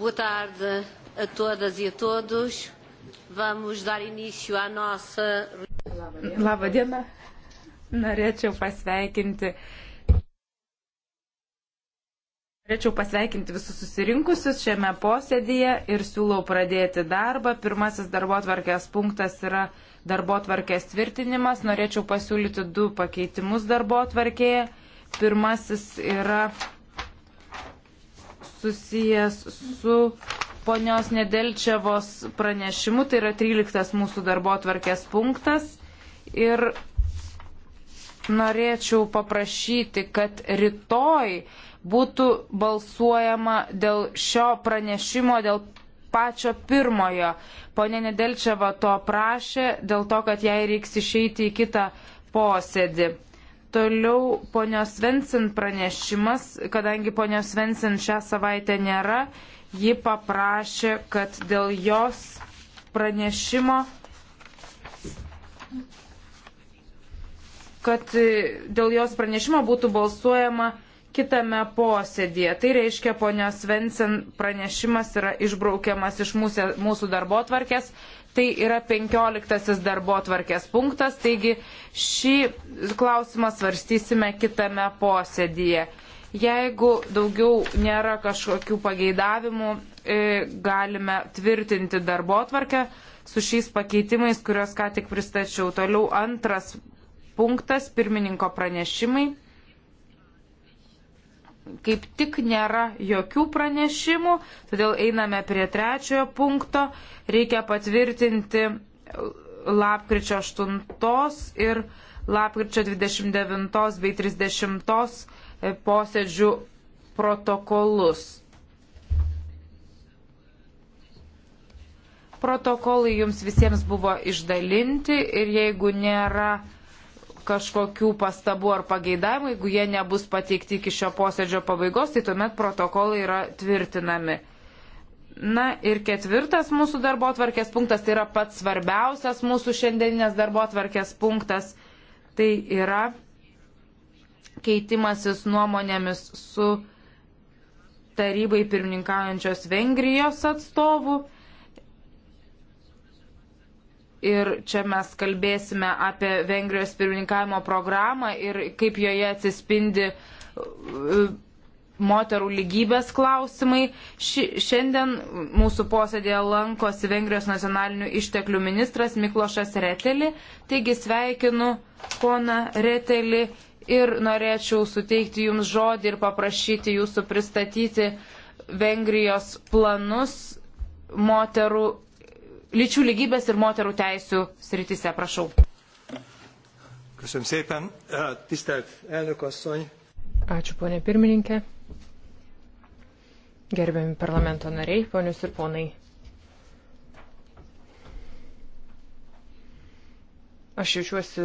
Boa tarde a todas e a todos. Vamos dar início à nossa. Labą dieną. Norėčiau pasveikinti. Norėčiau pasveikinti visus susirinkusius šiame posėdėje ir siūlau pradėti darbą. Pirmasis darbo atvarkės punktas yra darbo atvarkės tvirtinimas. Norėčiau pasiūlyti du pakeitimus darbo atvarkėje. Pirmasis yra susijęs su ponios Nedelčiavos pranešimu, tai yra 13 mūsų darbo atvarkės punktas. Ir norėčiau paprašyti, kad rytoj būtų balsuojama dėl šio pranešimo, dėl pačio pirmojo. Pone Nedelčiava to prašė dėl to, kad jai reiks išeiti į kitą posėdį. Toliau ponios Vensin pranešimas, kadangi ponios Vensin šią savaitę nėra, ji paprašė, kad dėl jos pranešimo kad dėl jos pranešimo būtų balsuojama kitame posėdėje. Tai reiškia, ponios Vensen pranešimas yra išbraukiamas iš mūsų, mūsų darbo tvarkės, Tai yra penkioliktasis darbo tvarkės punktas, taigi šį klausimą svarstysime kitame posėdyje. Jeigu daugiau nėra kažkokių pageidavimų, e, galime tvirtinti darbo tvarkę su šiais pakeitimais, kuriuos ką tik pristačiau. Toliau antras punktas - pirmininko pranešimai kaip tik nėra jokių pranešimų, todėl einame prie trečiojo punkto. Reikia patvirtinti lapkričio 8 ir lapkričio 29 bei 30 e, posėdžių protokolus. Protokolai jums visiems buvo išdalinti ir jeigu nėra kažkokių pastabų ar pageidavimų, jeigu jie nebus pateikti iki šio posėdžio pabaigos, tai tuomet protokolai yra tvirtinami. Na ir ketvirtas mūsų darbo atvarkės punktas, tai yra pats svarbiausias mūsų šiandieninės darbo atvarkės punktas, tai yra keitimasis nuomonėmis su tarybai pirmininkaujančios Vengrijos atstovu. Ir čia mes kalbėsime apie Vengrijos pirmininkavimo programą ir kaip joje atsispindi e, moterų lygybės klausimai. Ši, šiandien mūsų posėdėje lankosi Vengrijos nacionalinių išteklių ministras Miklošas Reteli. Taigi sveikinu poną Reteli ir norėčiau suteikti jums žodį ir paprašyti jūsų pristatyti Vengrijos planus moterų lyčių lygybės ir moterų teisų sritise. Prašau. Köszönöm szépen. Tisztelt elnök asszony. Ačiū, ponė pirmininkė. Gerbiami parlamento nariai, ponius ir ponai. Aš jaučiuosi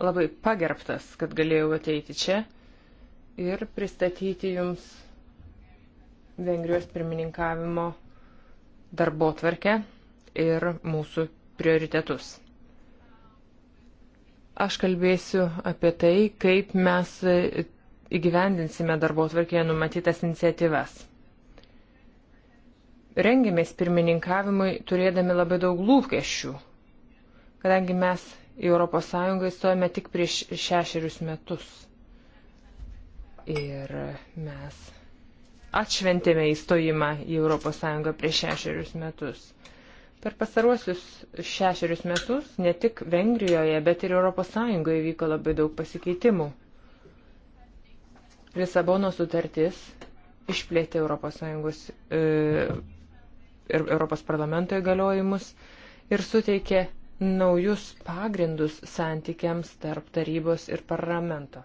labai pagerbtas, kad galėjau ateiti čia ir pristatyti jums Vengrijos pirmininkavimo darbo tvarkę ir mūsų prioritetus. Aš kalbėsiu apie tai, kaip mes įgyvendinsime darbo tvarkėje numatytas iniciatyvas. Rengėmės pirmininkavimui turėdami labai daug lūkesčių, kadangi mes į ES įstojame tik prieš šešerius metus. Ir mes atšventėme įstojimą į ES prieš šešerius metus. Per pasaruosius šešerius metus ne tik Vengrijoje, bet ir ES vyko labai daug pasikeitimų. Lisabono sutartis išplėtė ES e, ir ES parlamento įgaliojimus ir suteikė naujus pagrindus santykiams tarp tarybos ir parlamento.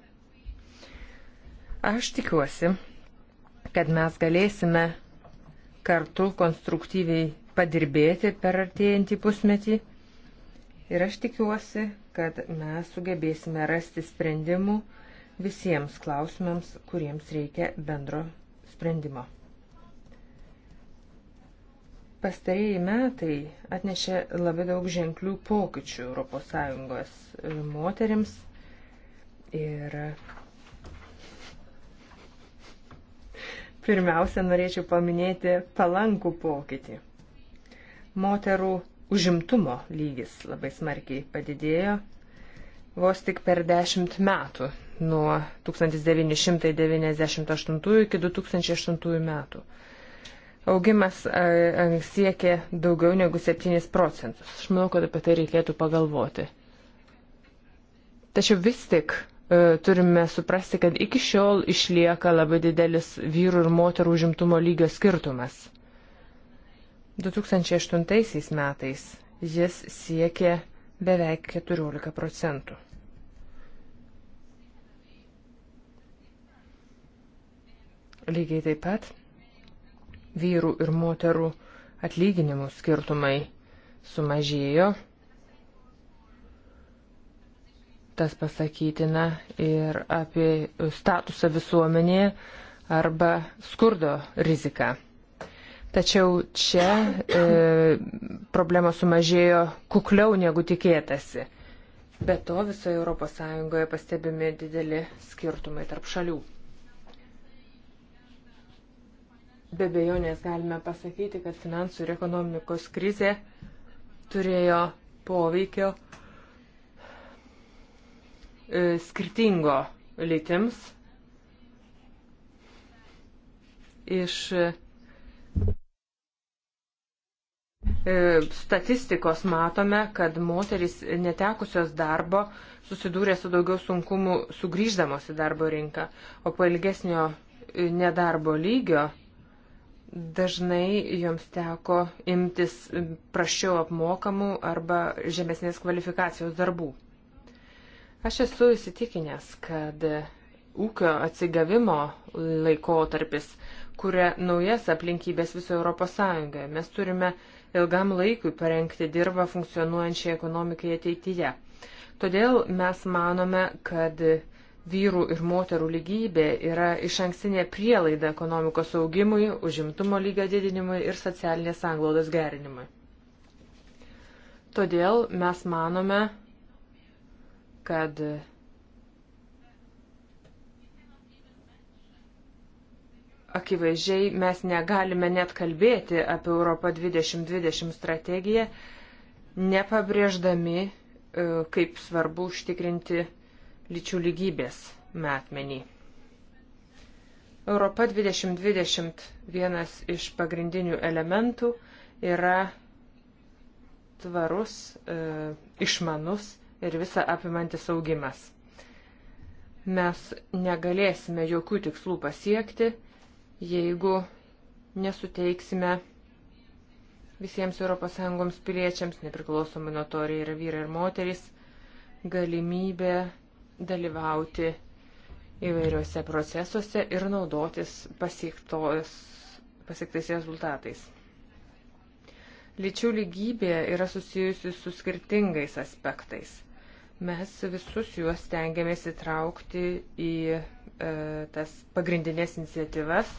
Aš tikiuosi, kad mes galėsime kartu konstruktyviai padirbėti per artėjantį pusmetį. Ir aš tikiuosi, kad mes sugebėsime rasti sprendimų visiems klausimams, kuriems reikia bendro sprendimo. Pastarėjai metai atnešė labai daug ženklių pokyčių ES e, moteriams ir pirmiausia norėčiau paminėti palankų pokytį. Moterų užimtumo lygis labai smarkiai padidėjo vos tik per dešimt metų nuo 1998 iki 2008 metų. Augimas siekė daugiau negu 7 procentus. Aš manau, kad apie tai reikėtų pagalvoti. Tačiau vis tik e, turime suprasti, kad iki šiol išlieka labai didelis vyrų ir moterų užimtumo lygio skirtumas. 2008 metais jis siekė beveik 14 procentų. Lygiai taip pat vyrų ir moterų atlyginimų skirtumai sumažėjo. Tas pasakytina ir apie statusą visuomenėje arba skurdo riziką. Tačiau čia e, problemos sumažėjo kukliau negu tikėtasi. Be to visoje ES pastebimi dideli skirtumai tarp šalių. Be bejonės galime pasakyti, kad finansų ir ekonomikos krizė turėjo poveikio e, skirtingo lytims iš E, statistikos matome, kad moteris netekusios darbo susidūrė su daugiau sunkumų sugrįždamos į darbo rinką, o po ilgesnio e, nedarbo lygio dažnai joms teko imtis e, prašiau apmokamų arba žemesnės kvalifikacijos darbų. Aš esu įsitikinęs, kad ūkio atsigavimo laikotarpis kuria naujas aplinkybės viso Europos Sąjungoje. Mes turime uh, ilgam laikui parengti dirbą funkcionuojančiai ekonomikai ateityje. Todėl mes manome, kad vyrų ir moterų lygybė yra iš ankstinė prielaida ekonomikos augimui, užimtumo lygio didinimui ir socialinės anglaudos gerinimui. Todėl mes manome, kad akivaizdžiai mes negalime net kalbėti apie Europą 2020 strategiją, nepabrėždami, e, kaip svarbu užtikrinti lyčių lygybės metmenį. Europa 2020 vienas iš pagrindinių elementų yra tvarus, e, išmanus ir visą apimantis augimas. Mes negalėsime jokių tikslų pasiekti, jeigu nesuteiksime visiems ES piliečiams, nepriklausomai nuo to, ar yra vyrai ir moteris, galimybę dalyvauti įvairiuose procesuose ir naudotis pasiektais rezultatais. Lyčių lygybė yra susijusi su skirtingais aspektais. Mes visus juos tengiamės įtraukti į e, tas pagrindinės iniciatyvas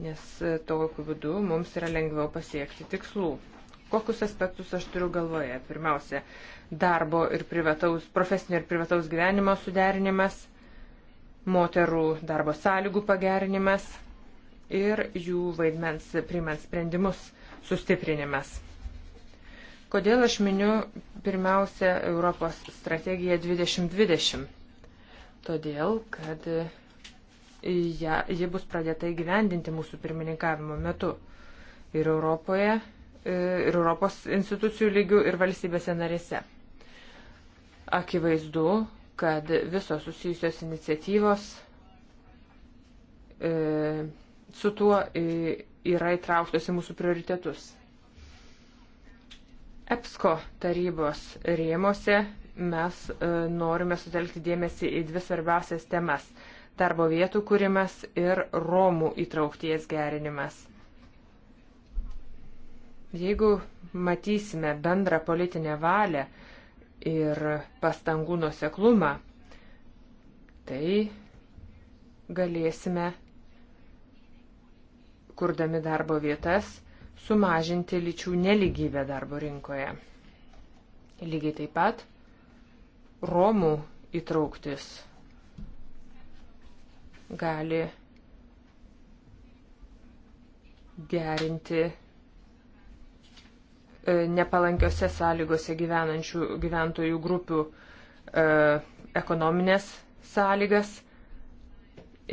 nes e, tokiu būdu mums yra lengviau pasiekti tikslų. Kokius aspektus aš turiu galvoje? Pirmiausia, darbo ir privataus, profesinio ir privataus gyvenimo suderinimas, moterų darbo sąlygų pagerinimas ir jų vaidmens priimant sprendimus sustiprinimas. Kodėl aš miniu pirmiausia Europos strategiją 2020? Todėl, kad ja, ji bus pradėta įgyvendinti mūsų pirmininkavimo metu. Ir Europoje, e, ir Europos institucijų lygių, ir valstybėse narėse. Akivaizdu, kad visos susijusios iniciatyvos e, su tuo e, yra įtrauktos į mūsų prioritetus. EPSCO tarybos rėmose mes e, norime sutelkti dėmesį į dvi svarbiausias temas darbo vietų kūrimas ir Romų įtraukties gerinimas. Jeigu matysime bendrą politinę valią ir pastangų nuseklumą, tai galėsime, kurdami darbo vietas, sumažinti lyčių neligybę darbo rinkoje. Lygiai taip pat Romų įtrauktis gali gerinti e, nepalankiose sąlygose gyvenančių gyventojų grupių e, ekonominės sąlygas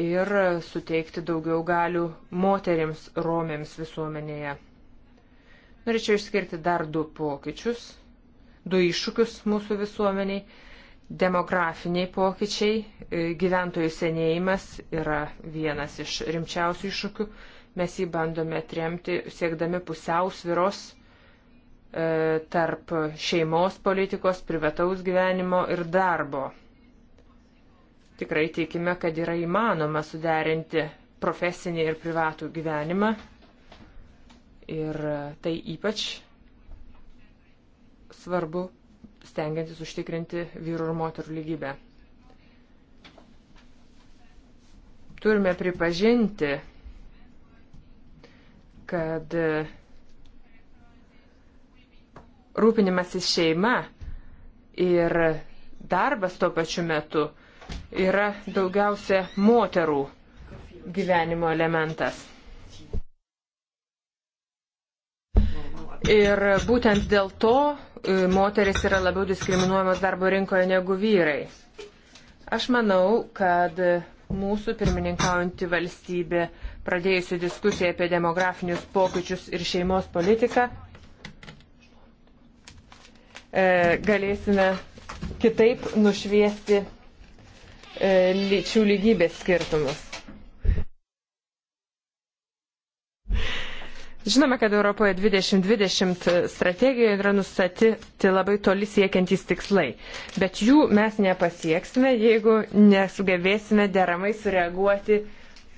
ir suteikti daugiau galių moteriams romėms visuomenėje. Norėčiau išskirti dar du pokyčius, du iššūkius mūsų visuomeniai Demografiniai pokyčiai, e, gyventojų senėjimas yra vienas iš rimčiausių iššūkių. Mes jį bandome atremti siekdami pusiausviros e, tarp šeimos politikos, privataus gyvenimo ir darbo. Tikrai tikime, kad yra įmanoma suderinti profesinį ir privatų gyvenimą. Ir tai ypač svarbu stengiantis užtikrinti vyrų ir moterų lygybę. Turime pripažinti, kad e, rūpinimasis šeima ir darbas tuo pačiu metu yra daugiausia moterų gyvenimo elementas. Ir būtent dėl to E, moteris yra labiau diskriminuojamos darbo rinkoje negu vyrai. Aš manau, kad mūsų pirmininkaujanti valstybė, pradėjusi diskusiją apie demografinius pokyčius ir šeimos politiką, e, galėsime kitaip nušviesti e, lyčių lygybės skirtumus. Žinome, kad Europoje 2020 e, strategijoje yra nustatyti labai toli siekiantys tikslai, bet jų mes nepasieksime, jeigu nesugebėsime deramai sureaguoti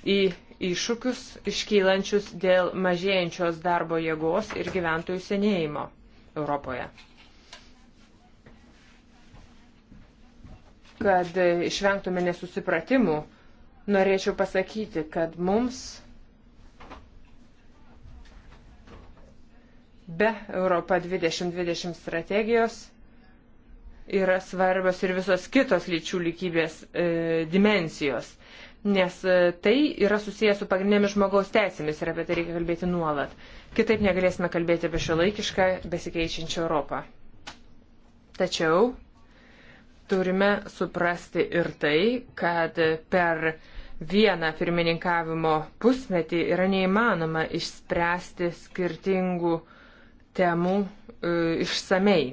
į iššūkius iškylančius dėl mažėjančios darbo jėgos ir gyventojų senėjimo Europoje. Kad e, išvengtume nesusipratimų, norėčiau pasakyti, kad mums be Europa 2020 strategijos yra svarbios ir visos kitos lyčių lygybės e, dimensijos, nes e, tai yra susijęs su pagrindinėmis žmogaus teisėmis ir apie tai reikia kalbėti nuolat. Kitaip negalėsime kalbėti apie šio laikišką besikeičiančią Europą. Tačiau turime suprasti ir tai, kad per vieną pirmininkavimo pusmetį yra neįmanoma išspręsti skirtingų uh, temų e, išsamei.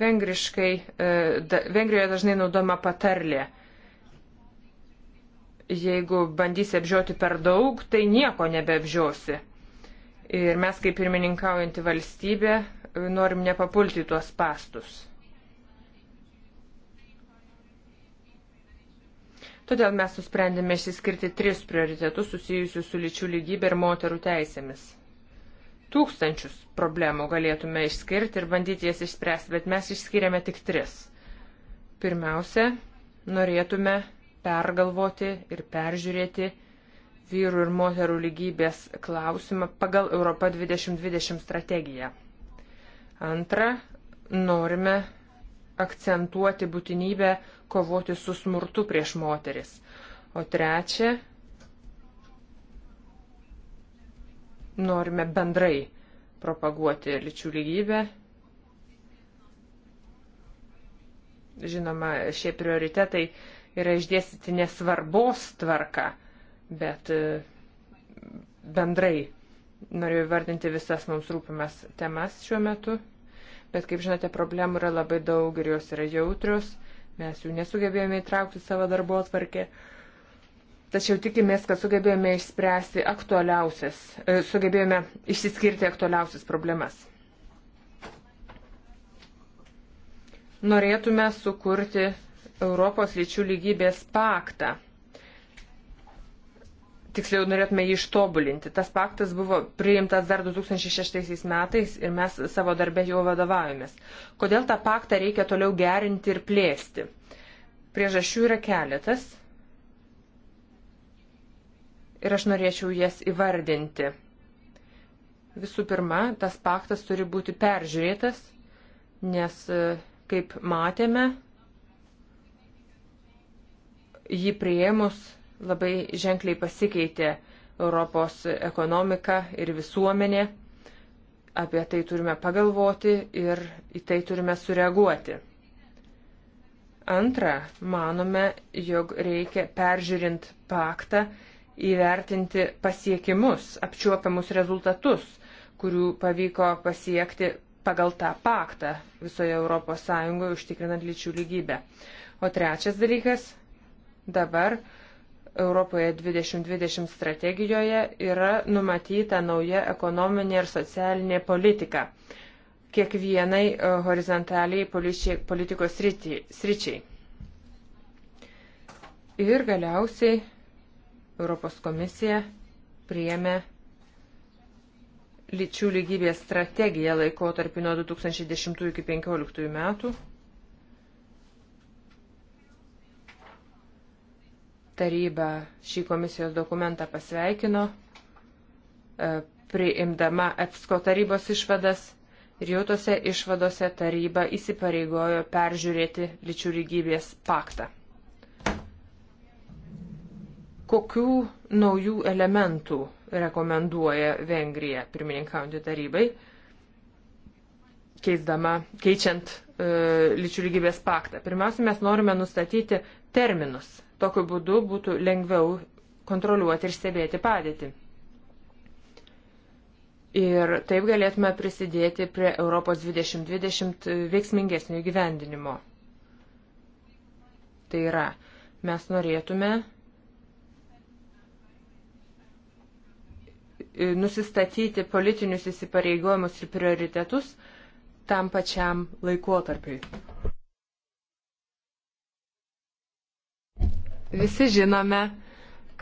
Vengriškai, e, da, Vengrijoje dažnai naudoma patarlė. Jeigu bandysi apžioti per daug, tai nieko nebeapžiosi. Ir mes kaip pirmininkaujanti valstybė e, norim nepapulti tuos pastus. Todėl mes nusprendėme išsiskirti tris prioritetus susijusius su lyčių lygybė ir moterų teisėmis. Tūkstančius problemų galėtume išskirti ir bandyti jas išspręsti, bet mes išskiriame tik tris. Pirmiausia, norėtume pergalvoti ir peržiūrėti vyrų ir moterų lygybės klausimą pagal Europą 2020 strategiją. Antra, norime akcentuoti būtinybę kovoti su smurtu prieš moteris. O trečia, norime bendrai propaguoti lyčių lygybę. Žinoma, šie prioritetai yra išdėstyti nesvarbos tvarka, bet e, bendrai noriu įvardinti visas mums rūpimas temas šiuo metu. Bet kaip žinote, problemų yra labai daug ir jos yra jautrios. Mes jų nesugebėjome įtraukti savo darbo atvarkę. Uh, tačiau tikimės, kad sugebėjome išspręsti aktualiausias, e, sugebėjome išsiskirti aktualiausias problemas. Norėtume sukurti Europos lyčių lygybės paktą. Tiksliau, norėtume jį ištobulinti. Tas paktas buvo priimtas dar 2006 metais ir mes savo darbę jau vadovavomės. Kodėl tą paktą reikia toliau gerinti ir plėsti? Priežasčių yra keletas ir aš norėčiau jas įvardinti. Visų pirma, tas paktas turi būti peržiūrėtas, nes, e, kaip matėme, jį prieimus labai ženkliai pasikeitė Europos ekonomika ir visuomenė. Apie tai turime pagalvoti ir į tai turime sureaguoti. Antra, manome, jog reikia peržiūrint paktą įvertinti pasiekimus, apčiuopiamus rezultatus, kurių pavyko pasiekti pagal tą paktą visoje ES užtikrinant lyčių lygybę. O trečias dalykas - dabar Europoje 2020 strategijoje yra numatyta nauja ekonominė ir socialinė politika kiekvienai e, horizontaliai politikos sričiai. Ir galiausiai Europos komisija priėmė lyčių lygybės strategiją laikotarpį nuo 2010 iki 2015 metų. Taryba šį komisijos dokumentą pasveikino, e, priimdama EPSCO tarybos išvadas ir jau tose išvadose taryba įsipareigojo peržiūrėti lyčių lygybės paktą. Kokių naujų elementų rekomenduoja Vengrija pirmininkaujantį tarybai, keisdama, keičiant e, lyčių lygybės paktą? Pirmiausia, mes norime nustatyti terminus. Tokiu būdu būtų lengviau kontroliuoti ir stebėti padėtį. Ir taip galėtume prisidėti prie Europos 2020 veiksmingesnio įgyvendinimo. Tai yra, mes norėtume E, nusistatyti politinius įsipareigojimus ir prioritetus tam pačiam laikotarpiui. Visi žinome,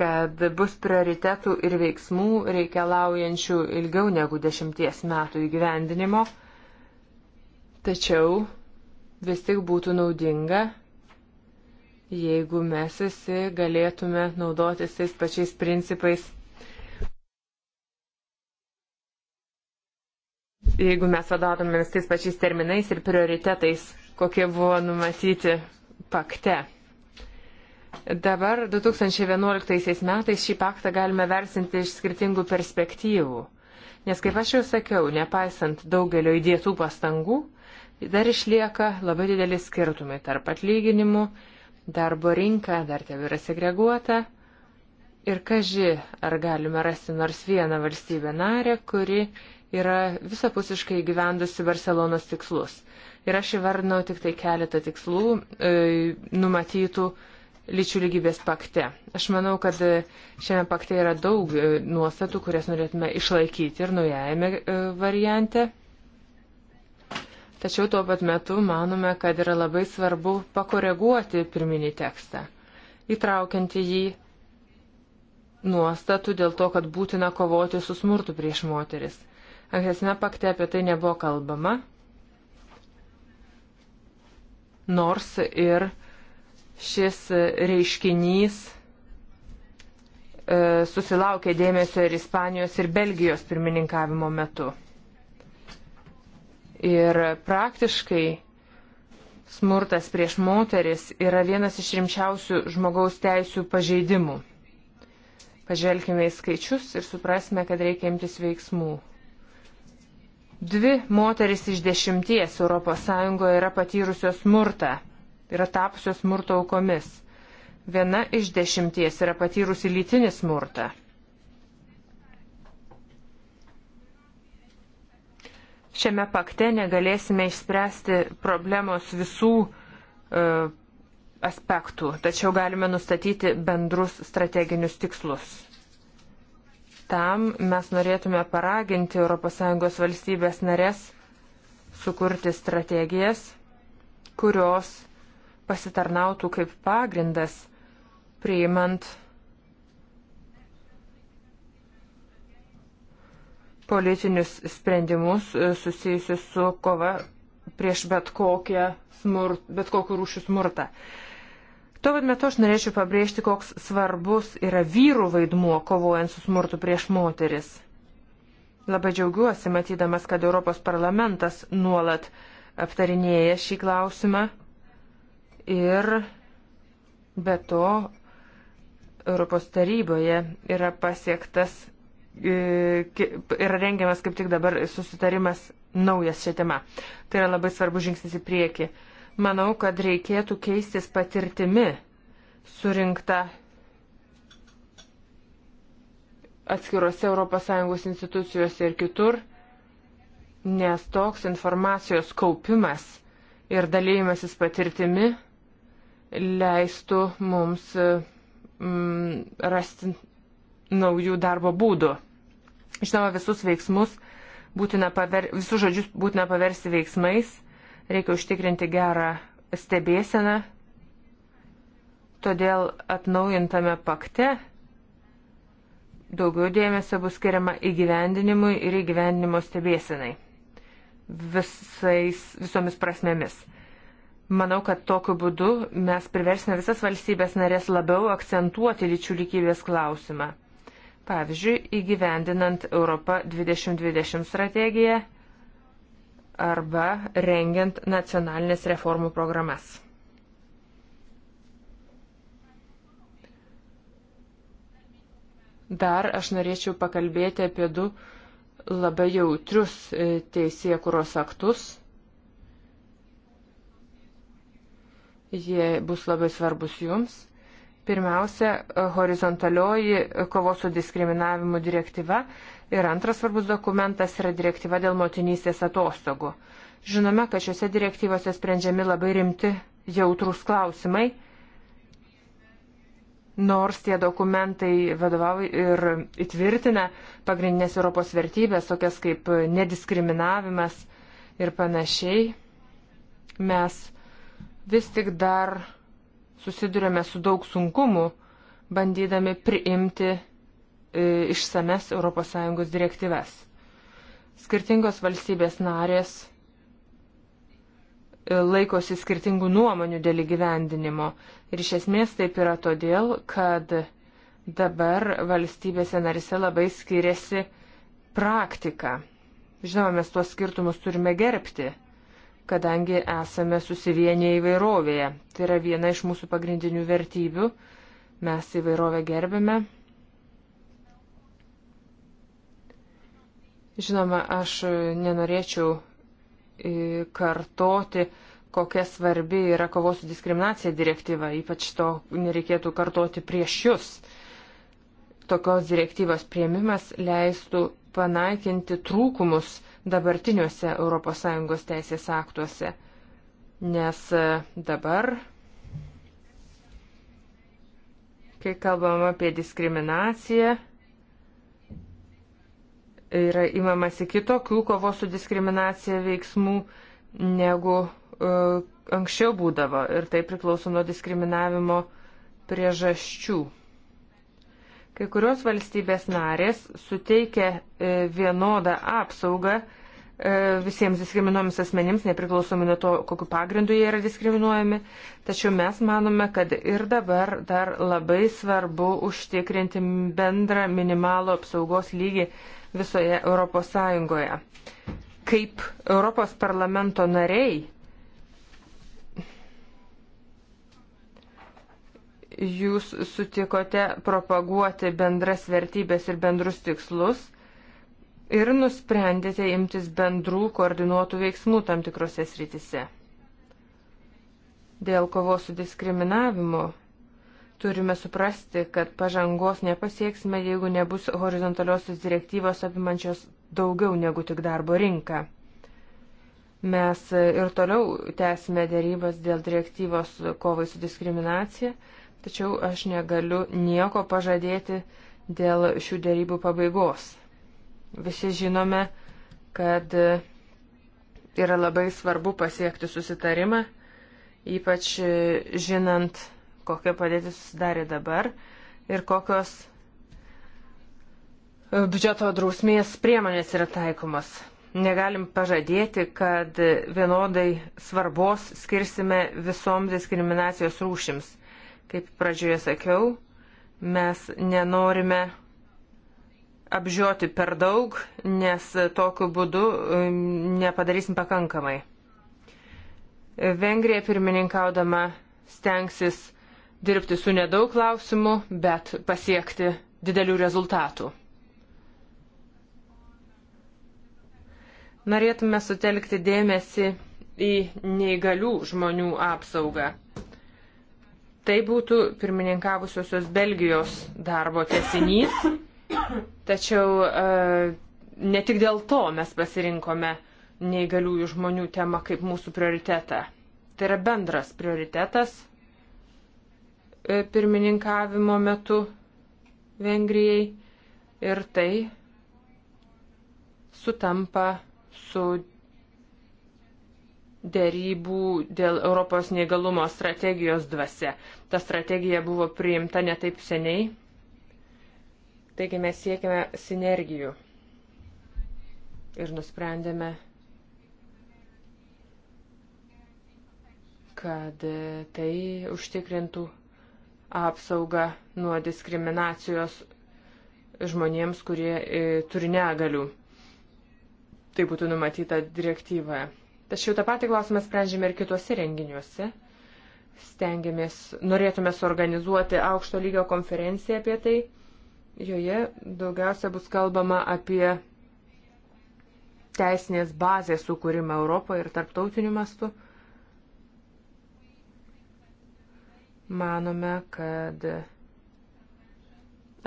kad bus prioritetų ir veiksmų reikalaujančių ilgiau negu dešimties metų įgyvendinimo, tačiau vis tik būtų naudinga, jeigu mes visi galėtume naudotis tais pačiais principais jeigu mes vadovautumėmės tais pačiais terminais ir prioritetais, kokie buvo numatyti pakte. Dabar 2011 metais šį paktą galime versinti iš skirtingų perspektyvų. Nes, kaip aš jau sakiau, nepaisant daugelio įdėtų pastangų, dar išlieka labai dideli skirtumai tarp atlyginimų, darbo rinka dar tebi yra segreguota. Ir kažи, ar galime rasti nors vieną valstybę narę, kuri yra visapusiškai gyvendusi Barcelonos tikslus. Ir aš įvardinau tik tai keletą tikslų e, numatytų lyčių lygybės pakte. Aš manau, kad e, šiame pakte yra daug e, nuostatų, kurias norėtume išlaikyti ir naujajame e, variante. Tačiau tuo pat metu manome, kad yra labai svarbu pakoreguoti pirminį tekstą, įtraukianti jį nuostatų dėl to, kad būtina kovoti su smurtu prieš moteris. Ankstesnė pakte apie tai nebuvo kalbama, nors ir šis reiškinys e, susilaukė dėmesio ir Ispanijos, ir Belgijos pirmininkavimo metu. Ir praktiškai smurtas prieš moteris yra vienas iš rimčiausių žmogaus teisų pažeidimų. Pažvelkime į skaičius ir suprasme, kad reikia imtis veiksmų. Dvi moteris iš dešimties ES yra patyrusios smurtą, yra tapusios smurto aukomis. Viena iš dešimties yra patyrusi lytinį smurtą. Šiame pakte negalėsime išspręsti problemos visų uh, aspektų, tačiau galime nustatyti bendrus strateginius tikslus. Tam mes norėtume paraginti ES valstybės narės sukurti strategijas, kurios pasitarnautų kaip pagrindas priimant politinius sprendimus e, susijusius su kova prieš bet, kokią smurt, bet kokių rūšių smurtą. Tuo pat metu aš norėčiau pabrėžti, koks svarbus yra vyrų vaidmuo kovojant su smurtu prieš moteris. Labai džiaugiuosi matydamas, kad Europos parlamentas nuolat aptarinėja šį klausimą ir be to Europos taryboje yra pasiektas, e, yra rengiamas kaip tik dabar susitarimas naujas šią temą. Tai yra labai svarbus žingsnis į priekį. Manau, kad reikėtų keistis patirtimi surinkta atskiruose ES institucijose ir kitur, nes toks informacijos kaupimas ir dalymasis patirtimi leistų mums mm, rasti naujų darbo būdų. Žinoma, visus veiksmus būtina paver, visus žodžius būtina paversti veiksmais Reikia užtikrinti gerą stebėseną. Todėl atnaujintame pakte daugiau dėmesio bus skiriama įgyvendinimui ir įgyvendinimo stebėsenai visais, visomis prasmėmis. Manau, kad tokiu būdu mes priversime visas valstybės narės labiau akcentuoti lyčių lygybės klausimą. Pavyzdžiui, įgyvendinant Europą 2020 strategiją arba rengiant nacionalinės reformų programas. Dar aš norėčiau pakalbėti apie du labai jautrius e, teisėkuros aktus. Jie bus labai svarbus jums. Pirmiausia, horizontalioji kovos su diskriminavimu direktyva ir antras svarbus dokumentas yra direktyva dėl motinystės atostogų. Žinome, kad šiuose direktyvose sprendžiami labai rimti jautrus klausimai, nors tie dokumentai vadovauja ir įtvirtina pagrindinės Europos vertybės, tokias kaip nediskriminavimas ir panašiai. Mes vis tik dar susidurėme su daug sunkumų, bandydami priimti e, išsames ES direktyves. Skirtingos valstybės narės e, laikosi skirtingų nuomonių dėl įgyvendinimo. Ir iš esmės taip yra todėl, kad dabar valstybėse narise labai skiriasi praktika. Žinoma, mes tuos skirtumus turime gerbti kadangi esame susivienę įvairovėje. Tai yra viena iš mūsų pagrindinių vertybių. Mes įvairovę gerbėme. Žinoma, aš nenorėčiau e, kartoti, kokia svarbi yra kovos su diskriminacija direktyva, ypač to nereikėtų kartoti prieš jūs. Tokios direktyvos prieimimas leistų panaikinti trūkumus dabartiniuose ES teisės aktuose, nes e, dabar, kai kalbam apie diskriminaciją, yra imamasi kitokių kovos su diskriminacija veiksmų negu uh, anksčiau būdavo ir tai priklauso nuo diskriminavimo priežasčių. Kai kurios valstybės narės suteikia e, vienodą apsaugą e, visiems diskriminuojams asmenims, nepriklausomai nuo to, kokiu pagrindu jie yra diskriminuojami. Tačiau mes manome, kad ir dabar dar labai svarbu užtikrinti bendrą minimalų apsaugos lygį visoje Europos Sąjungoje. Kaip Europos parlamento nariai jūs sutikote propaguoti bendras vertybės ir bendrus tikslus ir nusprendėte imtis bendrų koordinuotų veiksmų tam tikrose srityse. Dėl kovos su diskriminavimu turime suprasti, kad pažangos nepasieksime, jeigu nebus horizontaliosios direktyvos apimančios daugiau negu tik darbo rinką. Mes ir toliau tęsime dėrybas dėl direktyvos kovai su diskriminacija tačiau aš negaliu nieko pažadėti dėl šių dėrybų pabaigos. Visi žinome, kad yra labai svarbu pasiekti susitarimą, ypač žinant, kokia padėtis susidarė dabar ir kokios e, biudžeto drausmės priemonės yra taikomas. Negalim pažadėti, kad vienodai svarbos skirsime visom diskriminacijos rūšims. Kaip pradžioje sakiau, mes nenorime apžioti per daug, nes tokiu būdu um, nepadarysim pakankamai. Vengrija pirmininkaudama stengsis dirbti su nedaug klausimų, bet pasiekti didelių rezultatų. Norėtume sutelkti dėmesį į neįgalių žmonių apsaugą. Tai būtų pirmininkavusiosios Belgijos darbo tesinys. Tačiau e, ne tik dėl to mes pasirinkome neįgaliųjų žmonių temą kaip mūsų prioritetą. Tai yra bendras prioritetas e, pirmininkavimo metu Vengrijai ir tai sutampa su dėrybų dėl Europos neįgalumo strategijos dvasia. Ta strategija buvo priimta netaip seniai, taigi mes siekime sinergijų ir nusprendėme, kad tai užtikrintų apsaugą nuo diskriminacijos žmonėms, kurie e, turi negalių. Tai būtų numatyta direktyvoje. Tačiau tą patį klausimą sprendžiame ir kituose renginiuose. Stengiamės, norėtume suorganizuoti aukšto lygio konferenciją apie tai. Joje daugiausia bus kalbama apie teisinės bazės sukūrimą Europoje ir tarptautiniu mastu. Manome, kad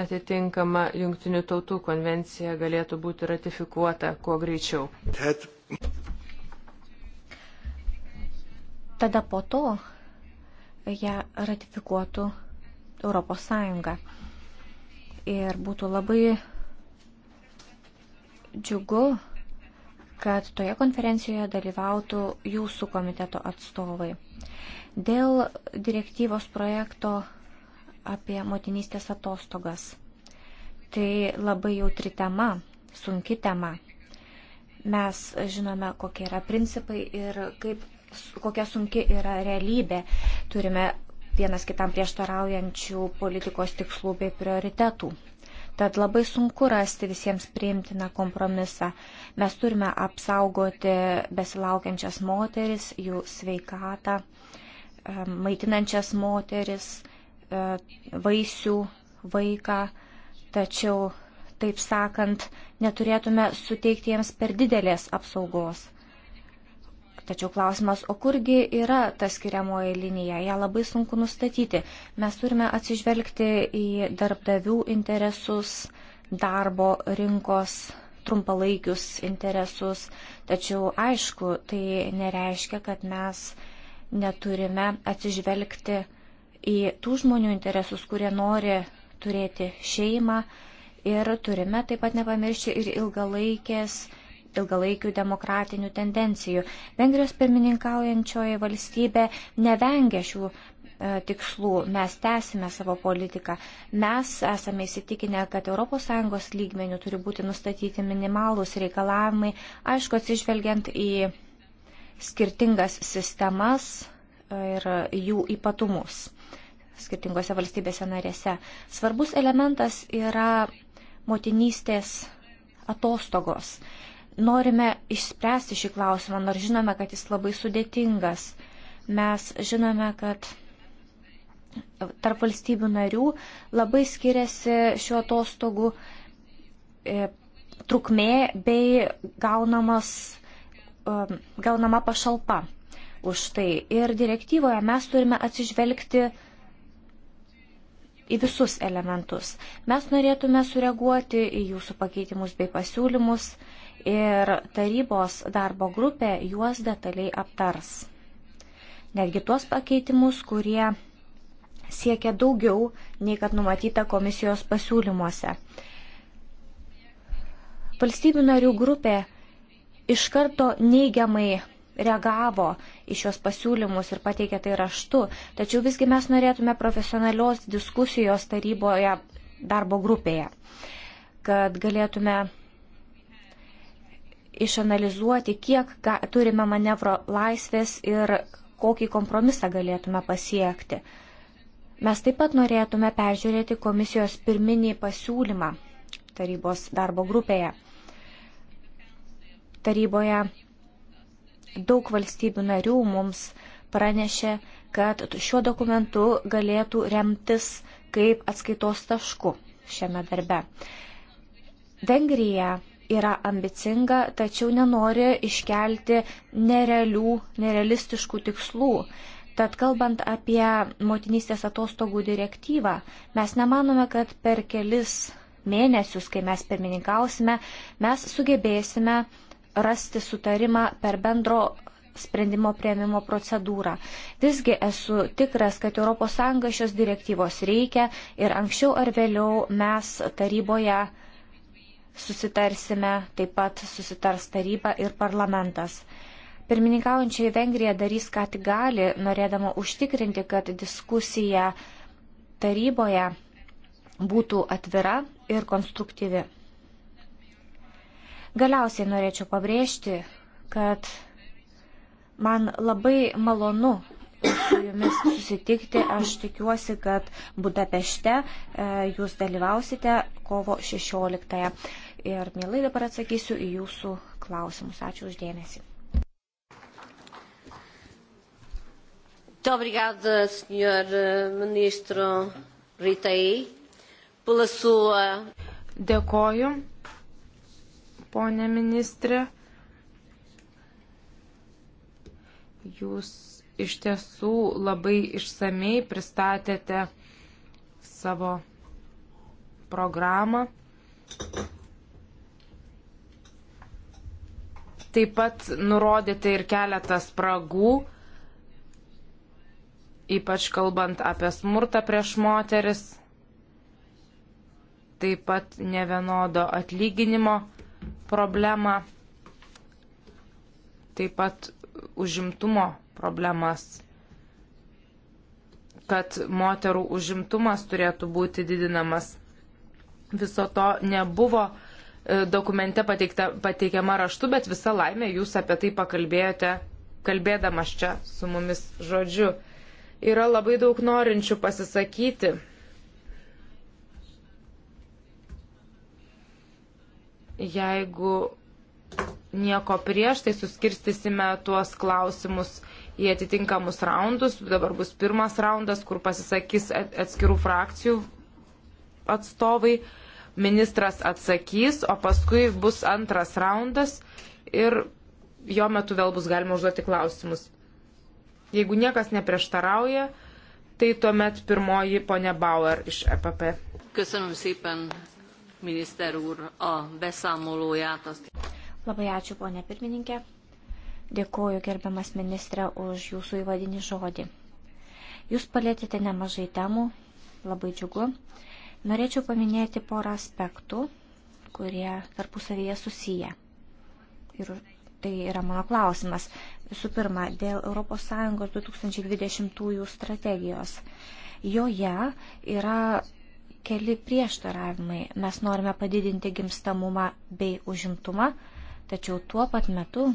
atitinkama Junktinių tautų konvencija galėtų būti ratifikuota kuo greičiau tada po to ją ratifikuotų Europos Sąjunga. Ir būtų labai džiugu, kad toje konferencijoje dalyvautų jūsų komiteto atstovai. Dėl direktyvos projekto apie motinystės atostogas. Tai labai jautri tema, sunki tema. Mes žinome, kokie yra principai ir kaip kokia sunki yra realybė. Turime vienas kitam prieštaraujančių politikos tikslų bei prioritetų. Tad labai sunku rasti visiems priimtiną kompromisą. Mes turime apsaugoti besilaukiančias moteris, jų sveikatą, maitinančias moteris, e, vaisių, vaiką, tačiau, taip sakant, neturėtume suteikti jiems per didelės apsaugos. Tačiau klausimas, o kurgi yra ta skiriamoji linija, ją labai sunku nustatyti. Mes turime atsižvelgti į darbdavių interesus, darbo rinkos trumpalaikius interesus, tačiau aišku, tai nereiškia, kad mes neturime atsižvelgti į tų žmonių interesus, kurie nori turėti šeimą ir turime taip pat nepamiršti ir ilgalaikės ilgalaikių demokratinių tendencijų. Vengrijos pirmininkaujančioji valstybė nevengia šių e, tikslų, mes tęsime savo politiką. Mes esame įsitikinę, kad ES lygmenių turi būti nustatyti minimalūs reikalavimai, aišku, atsižvelgiant į skirtingas sistemas e, ir jų ypatumus skirtingose valstybėse narėse. Svarbus elementas yra motinystės atostogos norime išspręsti šį klausimą, nors žinome, kad jis labai sudėtingas. Mes žinome, kad tarp valstybių narių labai skiriasi šiuo atostogų e, trukmė bei gaunamas, e, gaunama pašalpa už tai. Ir direktyvoje mes turime atsižvelgti į visus elementus. Mes norėtume sureaguoti į jūsų pakeitimus bei pasiūlymus ir tarybos darbo grupė juos detaliai aptars. Netgi tuos pakeitimus, kurie siekia daugiau nei kad numatyta komisijos pasiūlymuose. Valstybių narių grupė iš karto neigiamai reagavo į šios pasiūlymus ir pateikė tai raštu, tačiau visgi mes norėtume profesionalios diskusijos taryboje darbo grupėje, kad galėtume išanalizuoti, kiek ga, turime manevro laisvės ir kokį kompromisą galėtume pasiekti. Mes taip pat norėtume peržiūrėti komisijos pirminį pasiūlymą tarybos darbo grupėje. Taryboje daug valstybių narių mums pranešė, kad šiuo dokumentu galėtų remtis kaip atskaitos tašku šiame darbe. Vengrija yra ambicinga, tačiau nenori iškelti nerealių, nerealistiškų tikslų. Tad kalbant apie motinystės atostogų direktyvą, mes nemanome, kad per kelis mėnesius, kai mes pirmininkausime, mes sugebėsime rasti sutarimą per bendro sprendimo prieimimo procedūrą. Visgi esu tikras, kad ES šios direktyvos reikia ir anksčiau ar vėliau mes taryboje susitarsime, taip pat susitars taryba ir parlamentas. Pirmininkaujančiai Vengrija darys, ką tik gali, norėdama užtikrinti, kad diskusija taryboje būtų atvira ir konstruktyvi. Galiausiai norėčiau pabrėžti, kad man labai malonu su jumis susitikti. Aš tikiuosi, kad Budapešte e, jūs dalyvausite kovo 16-ąją. Ir mielai dabar atsakysiu į jūsų klausimus. Ačiū uždėmesi. Muito obrigada, Sr. Eh, ministro Ritei, pela sua. Dėkoju, ponė ministrė. Jūs iš tiesų labai išsamei pristatėte savo programą. Taip pat nurodėte ir keletą spragų, ypač kalbant apie smurtą prieš moteris, taip pat nevienodo atlyginimo problemą, taip pat užimtumo problemas, kad moterų užimtumas turėtų būti didinamas. Viso to nebuvo e, dokumente pateikta, pateikiama raštu, bet visa laimė jūs apie tai pakalbėjote, kalbėdamas čia su mumis žodžiu. Yra labai daug norinčių pasisakyti. Jeigu nieko prieš, tai suskirstysime tuos klausimus į atitinkamus raundus. Dabar bus pirmas raundas, kur pasisakys atskirų frakcijų atstovai. Ministras atsakys, o paskui bus antras raundas ir jo metu vėl bus galima užduoti klausimus. Jeigu niekas neprieštarauja, tai tuomet pirmoji ponia Bauer iš EPP. Köszönöm szépen, miniszter úr, a beszámolóját. Azt... Labai ačiū, ponia pirmininkė. Dėkuoju, gerbiamas ministrė, už jūsų įvadinį žodį. Jūs palėtėte nemažai temų, labai džiugu. Norėčiau paminėti porą aspektų, kurie tarpusavyje susiję. Ir tai yra mano klausimas. Visų pirma, dėl ES 2020 strategijos. Joje yra keli prieštaravimai. Mes norime padidinti gimstamumą bei užimtumą, tačiau tuo pat metu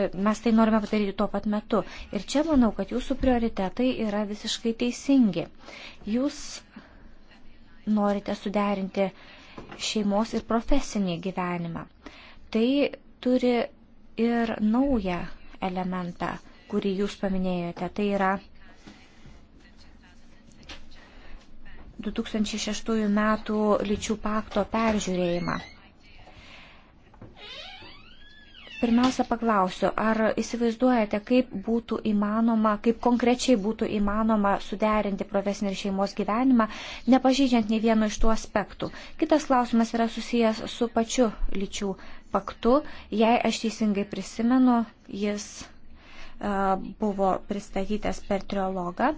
E, mes tai norime padaryti tuo pat metu. Ir čia manau, kad jūsų prioritetai yra visiškai teisingi. Jūs norite suderinti šeimos ir profesinį gyvenimą. Tai turi ir naują elementą, kurį jūs paminėjote. Tai yra 2006 metų lyčių pakto peržiūrėjimą. Pirmiausia, paklausiu, ar įsivaizduojate, kaip būtų įmanoma, kaip konkrečiai būtų įmanoma suderinti profesinį ir šeimos gyvenimą, nepažydžiant nei vieno iš tų aspektų. Kitas klausimas yra susijęs su pačiu lyčių paktu. Jei aš teisingai prisimenu, jis uh, buvo pristatytas per triologą.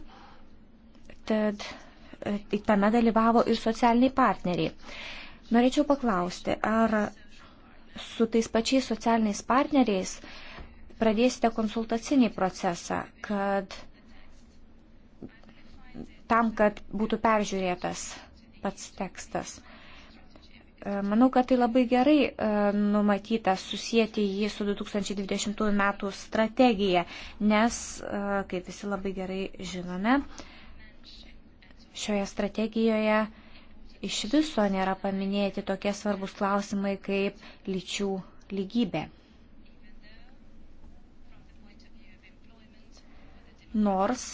Tad e, tame dalyvavo ir socialiniai partneriai. Norėčiau paklausti, ar su tais pačiais socialiniais partneriais pradėsite konsultacinį procesą, kad tam, kad būtų peržiūrėtas pats tekstas. E, manau, kad tai labai gerai e, numatyta susijęti jį su 2020 metų strategija, nes, e, kaip visi labai gerai žinome, šioje strategijoje iš viso nėra paminėti tokie svarbus klausimai kaip lyčių lygybė. Nors,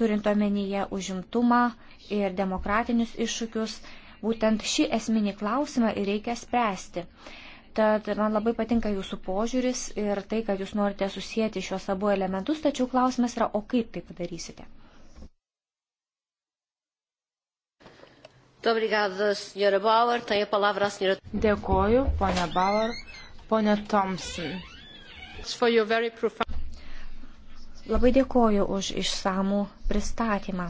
turint omenyje užimtumą ir demokratinius iššūkius, būtent šį esminį klausimą ir reikia spręsti. Tad man labai patinka jūsų požiūris ir tai, kad jūs norite susijęti šios abu elementus, tačiau klausimas yra, o kaip tai padarysite? Dėkoju, ponia Bauer, ponia Thompson. Labai dėkoju už išsamų pristatymą.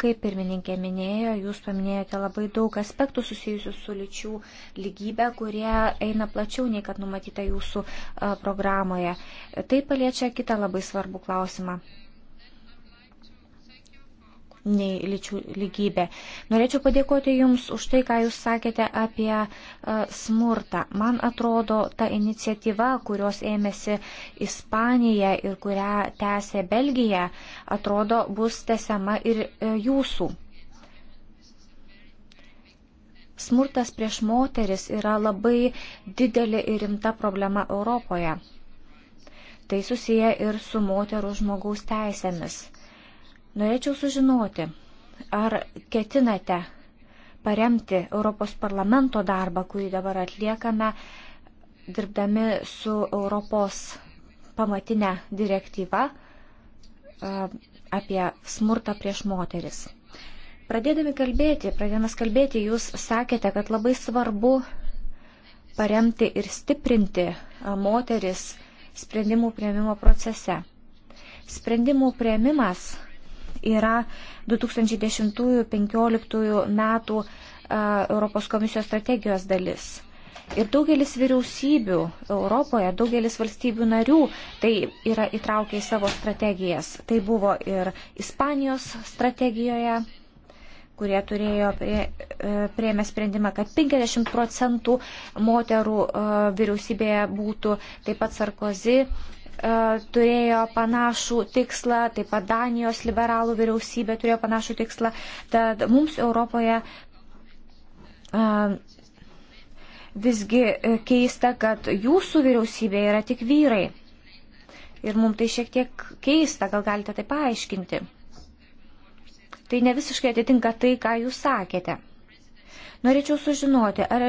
Kaip pirmininkė minėjo, jūs paminėjote labai daug aspektų susijusių su lyčių lygybė, kurie eina plačiau nei kad numatyta jūsų programoje. Tai paliečia kitą labai svarbų klausimą nei lyčių lygybė. Norėčiau padėkoti Jums už tai, ką Jūs sakėte apie e, smurtą. Man atrodo, ta iniciatyva, kurios ėmėsi Ispanija ir kurią tęsė Belgija, atrodo, bus tęsiama ir e, Jūsų. Smurtas prieš moteris yra labai didelė ir rimta problema Europoje. Tai susiję ir su moterų žmogaus teisėmis. Norėčiau sužinoti, ar ketinate paremti Europos parlamento darbą, kurį dabar atliekame, dirbdami su Europos pamatinę direktyvą apie smurtą prieš moteris. Pradėdami kalbėti, pradėdamas kalbėti, jūs sakėte, kad labai svarbu paremti ir stiprinti moteris sprendimų prieimimo procese. Sprendimų prieimimas yra 2010-2015 metų Europos komisijos strategijos dalis. Ir daugelis vyriausybių Europoje, daugelis valstybių narių tai yra įtraukę į savo strategijas. Tai buvo ir Ispanijos strategijoje, kurie turėjo prie, e, prieėmę sprendimą, kad 50 procentų moterų e, vyriausybėje būtų, taip pat Sarkozy E, turėjo panašų tikslą, taip pat Danijos liberalų vyriausybė turėjo panašų tikslą. Tad mums Europoje e, visgi e, keista, kad jūsų vyriausybė yra tik vyrai. Ir mums tai šiek tiek keista, gal galite tai paaiškinti. Tai ne visiškai atitinka tai, ką jūs sakėte. Norėčiau sužinoti, ar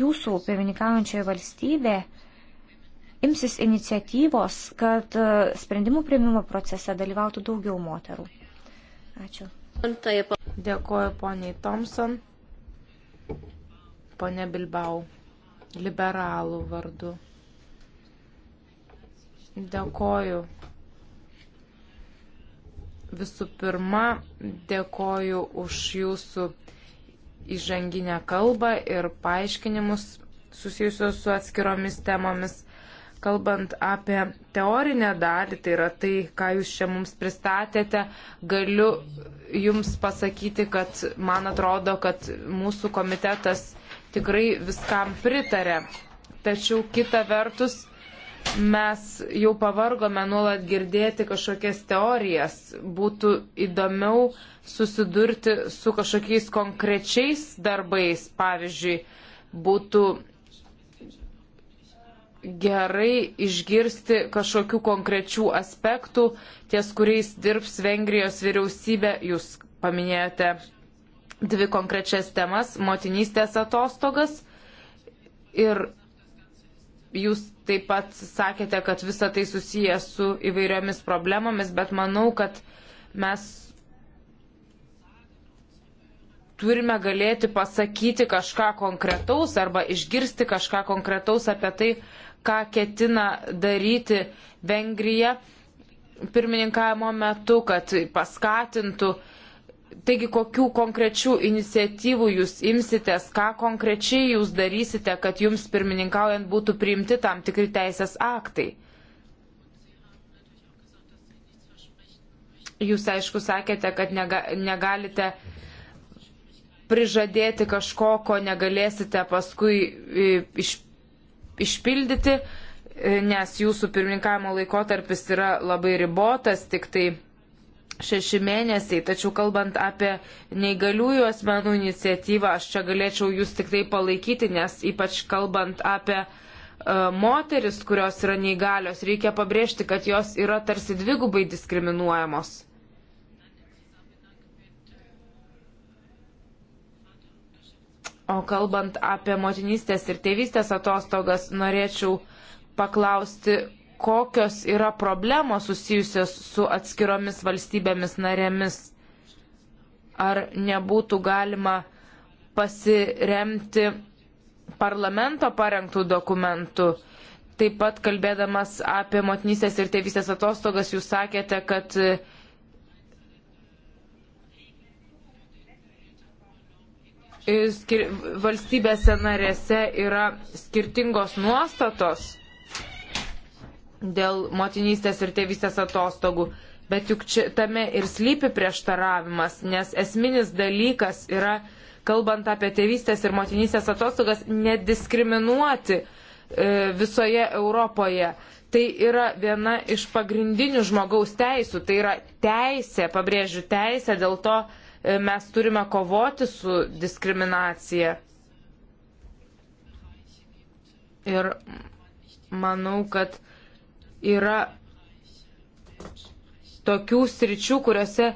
jūsų pirmininkaujančioje valstybėje imsis iniciatyvos, kad e, sprendimų prieimimo procese dalyvautų daugiau moterų. Ačiū. Dėkuoju poniai Thompson, ponė Bilbao, liberalų vardu. Dėkuoju. Visų pirma, dėkoju už jūsų įžanginę kalbą ir paaiškinimus susijusios su atskiromis temomis. Kalbant apie teorinę dalį, tai yra tai, ką jūs čia mums pristatėte, galiu jums pasakyti, kad man atrodo, kad mūsų komitetas tikrai viskam pritarė. Tačiau kita vertus, mes jau pavargome nuolat girdėti kažkokias teorijas. Būtų įdomiau susidurti su kažkokiais konkrečiais darbais. Pavyzdžiui, būtų gerai išgirsti kažkokių konkrečių aspektų, ties kuriais dirbs Vengrijos vyriausybė. Jūs paminėjote dvi konkrečias temas - motinystės atostogas ir jūs taip pat sakėte, kad visa tai susiję su įvairiomis problemomis, bet manau, kad mes turime galėti pasakyti kažką konkretaus arba išgirsti kažką konkretaus apie tai, ką ketina daryti Vengrija pirmininkavimo metu, kad paskatintų. Taigi, kokių konkrečių iniciatyvų jūs imsitės, ką konkrečiai jūs darysite, kad jums pirmininkaujant būtų priimti tam tikri teisės aktai? Jūs aišku sakėte, kad nega, negalite prižadėti kažko, ko negalėsite paskui iš, išpildyti, e, nes jūsų pirmininkavimo laikotarpis yra labai ribotas, tik tai šeši mėnesiai. Tačiau kalbant apie neįgaliųjų asmenų iniciatyvą, aš čia galėčiau jūs tik tai palaikyti, nes ypač kalbant apie e, moteris, kurios yra neįgalios, reikia pabrėžti, kad jos yra tarsi dvigubai diskriminuojamos. O kalbant apie motinystės ir tėvystės atostogas, norėčiau paklausti, kokios yra problemos susijusios su atskiromis valstybėmis narėmis. Ar nebūtų galima pasiremti parlamento parengtų dokumentų? Taip pat kalbėdamas apie motinystės ir tėvystės atostogas, jūs sakėte, kad skir, valstybėse narėse yra skirtingos nuostatos dėl motinystės ir tėvystės atostogų. Bet juk čia, tame ir slypi prieštaravimas, nes esminis dalykas yra, kalbant apie tėvystės ir motinystės atostogas, nediskriminuoti e, visoje Europoje. Tai yra viena iš pagrindinių žmogaus teisų, tai yra teisė, pabrėžiu teisę, dėl to, E, mes turime kovoti su diskriminacija. Ir manau, kad yra tokių sričių, kuriuose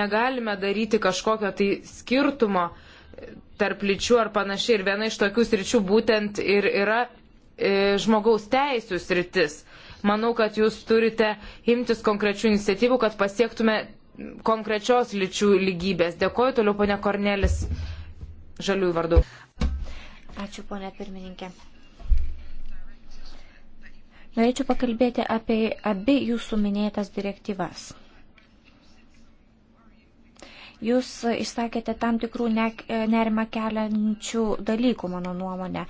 negalime daryti kažkokio tai skirtumo tarp lyčių ar panašiai. Ir viena iš tokių sričių būtent ir yra e, žmogaus teisų sritis. Manau, kad jūs turite imtis konkrečių iniciatyvų, kad pasiektume konkrečios lyčių lygybės. Dėkoju toliau, ponė Kornelis, žaliųjų vardu. Ačiū, ponė pirmininkė. Norėčiau pakalbėti apie abi jūsų minėtas direktyvas. Jūs išsakėte tam tikrų ne, nerima keliančių dalykų, mano nuomonė,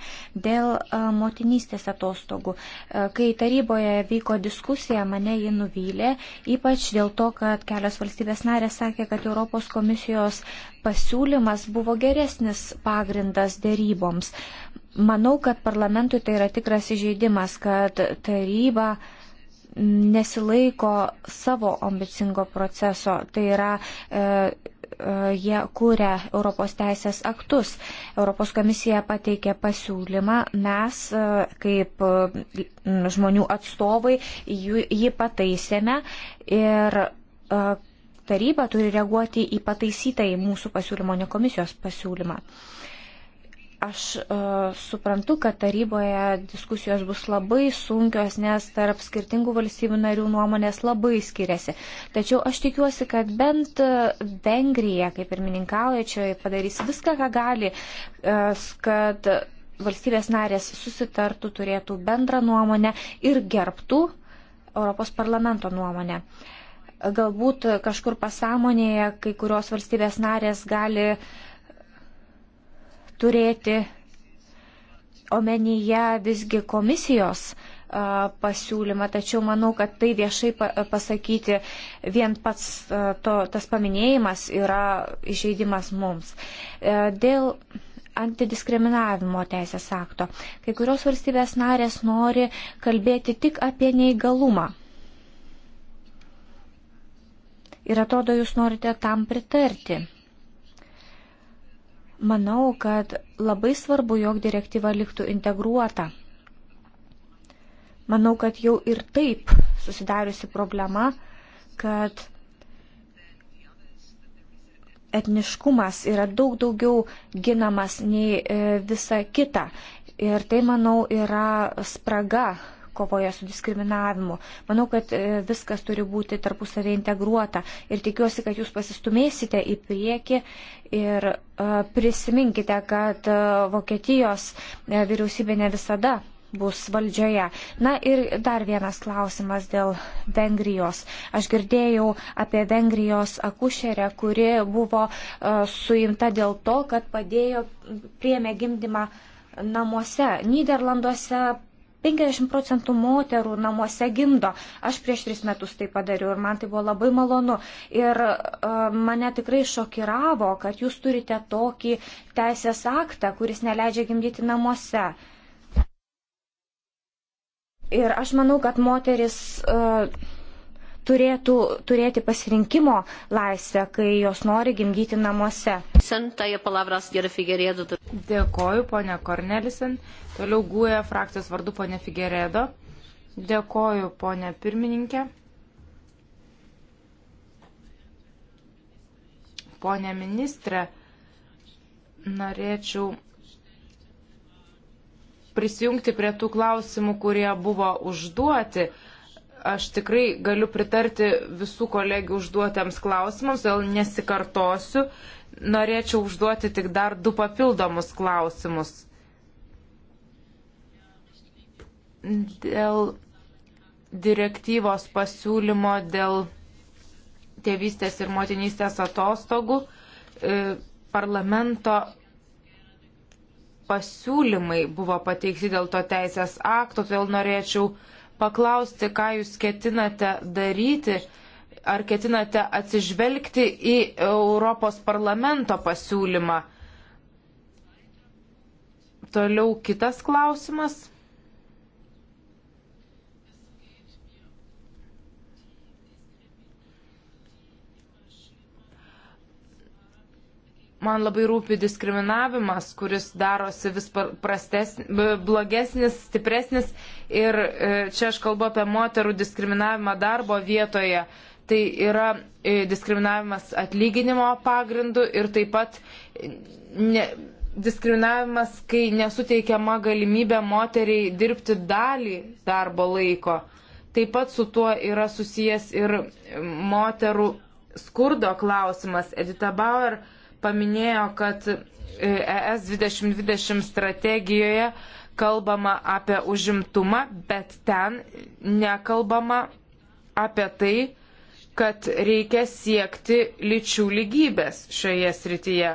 dėl e, motinystės atostogų. E, kai taryboje vyko diskusija, mane ji nuvylė, ypač dėl to, kad kelios valstybės narės sakė, kad Europos komisijos pasiūlymas buvo geresnis pagrindas dėryboms. Manau, kad parlamentui tai yra tikras įžeidimas, kad taryba nesilaiko savo ambicingo proceso. Tai yra e, jie kūrė Europos teisės aktus. Europos komisija pateikė pasiūlymą, mes e, kaip e, žmonių atstovai jį pataisėme ir e, taryba turi reaguoti į pataisytą į mūsų pasiūlymo, ne komisijos pasiūlymą. Aš uh, suprantu, kad taryboje diskusijos bus labai sunkios, nes tarp skirtingų valstybių narių nuomonės labai skiriasi. Tačiau aš tikiuosi, kad bent e, Vengrija, kaip ir mininkaujačioji, padarys viską, ką gali, uh, kad valstybės narės susitartų, turėtų bendrą nuomonę ir gerbtų Europos parlamento nuomonę. Galbūt kažkur pasąmonėje kai kurios valstybės narės gali uh, turėti omenyje visgi komisijos pasiūlymą, tačiau manau, kad tai viešai pasakyti vien pats to, tas paminėjimas yra išeidimas mums. E, dėl antidiskriminavimo teisės akto. Kai kurios valstybės narės nori kalbėti tik apie neįgalumą. Ir atrodo, jūs norite tam pritarti. Manau, kad labai svarbu, jog direktyva liktų integruota. Manau, kad jau ir taip susidariusi problema, kad etniškumas yra daug daugiau ginamas nei e, visa kita. Ir tai, manau, yra spraga kovoje su diskriminavimu. Manau, kad e, viskas turi būti tarpusavį integruota ir tikiuosi, kad jūs pasistumėsite į priekį ir e, prisiminkite, kad e, Vokietijos vyriausybė ne visada bus valdžioje. Na ir dar vienas klausimas dėl Vengrijos. Aš girdėjau apie Vengrijos akušerę, kuri buvo uh, suimta dėl to, kad padėjo priemė gimdymą namuose. Niderlanduose 50 procentų moterų namuose gimdo. Aš prieš tris metus tai padariau ir man tai buvo labai malonu. Ir uh, mane tikrai šokiravo, kad jūs turite tokį teisės aktą, kuris neleidžia gimdyti namuose. Ir aš manau, kad moteris. Uh, turėtų turėti pasirinkimo laisvę, kai jos nori gimdyti namuose. Dėkoju, ponė Kornelisen. Toliau guoja e frakcijos vardu ponė Figeredo. Dėkoju, ponė pirmininkė. Pone ministrė, norėčiau prisijungti prie tų klausimų, kurie buvo užduoti Aš tikrai galiu pritarti visų kolegių užduotiems klausimams, todėl nesikartosiu. Norėčiau užduoti tik dar du papildomus klausimus. Dėl direktyvos pasiūlymo dėl tėvystės ir motinystės atostogų e, parlamento pasiūlymai buvo pateikti dėl to teisės akto, todėl norėčiau uh, paklausti, ką jūs ketinate daryti, ar ketinate atsižvelgti į Europos parlamento pasiūlymą. Toliau kitas klausimas. man labai rūpi diskriminavimas, kuris darosi vis prastesnis, blogesnis, stipresnis Ir e, čia aš kalbu apie moterų diskriminavimą darbo vietoje. Tai yra e, diskriminavimas atlyginimo pagrindu ir taip pat e, ne, diskriminavimas, kai nesuteikiama galimybė moteriai dirbti dalį darbo laiko. Taip pat su tuo yra susijęs ir moterų skurdo klausimas. Edita Bauer paminėjo, kad ES 2020 strategijoje kalbama apie užimtumą, bet ten nekalbama apie tai, kad reikia siekti lyčių lygybės šioje srityje.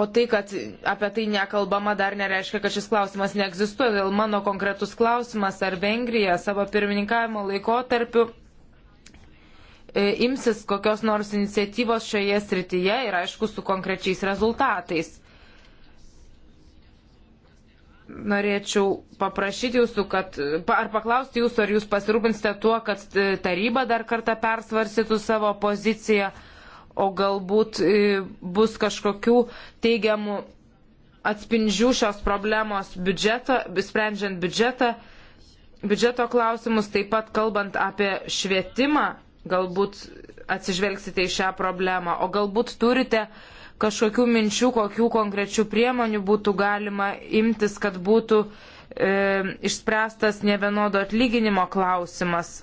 O tai, kad apie tai nekalbama, dar nereiškia, kad šis klausimas neegzistuoja. Dėl mano konkretus klausimas, ar Vengrija savo pirmininkavimo laikotarpiu e, imsis kokios nors iniciatyvos šioje srityje ir aišku su konkrečiais rezultatais norėčiau paprašyti jūsų, kad, ar paklausti jūsų, ar jūs pasirūpinsite tuo, kad e, taryba dar kartą persvarsytų savo poziciją, o galbūt e, bus kažkokių teigiamų atspindžių šios problemos biudžeto, sprendžiant biudžetą, biudžeto klausimus, taip pat kalbant apie švietimą, galbūt atsižvelgsite į šią problemą, o galbūt turite uh, kažkokių minčių, kokių konkrečių priemonių būtų galima imtis, kad būtų e, išspręstas nevienodo atlyginimo klausimas.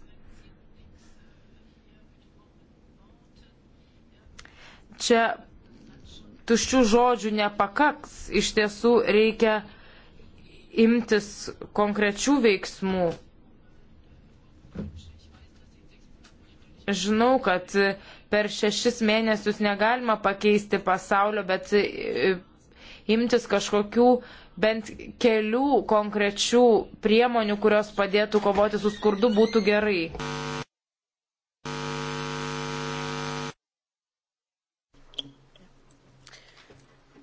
Čia tuščių žodžių nepakaks, iš tiesų reikia imtis konkrečių veiksmų. Žinau, kad per šešis mėnesius negalima pakeisti pasaulio, bet e, imtis kažkokių bent kelių konkrečių priemonių, kurios padėtų kovoti su skurdu, būtų gerai.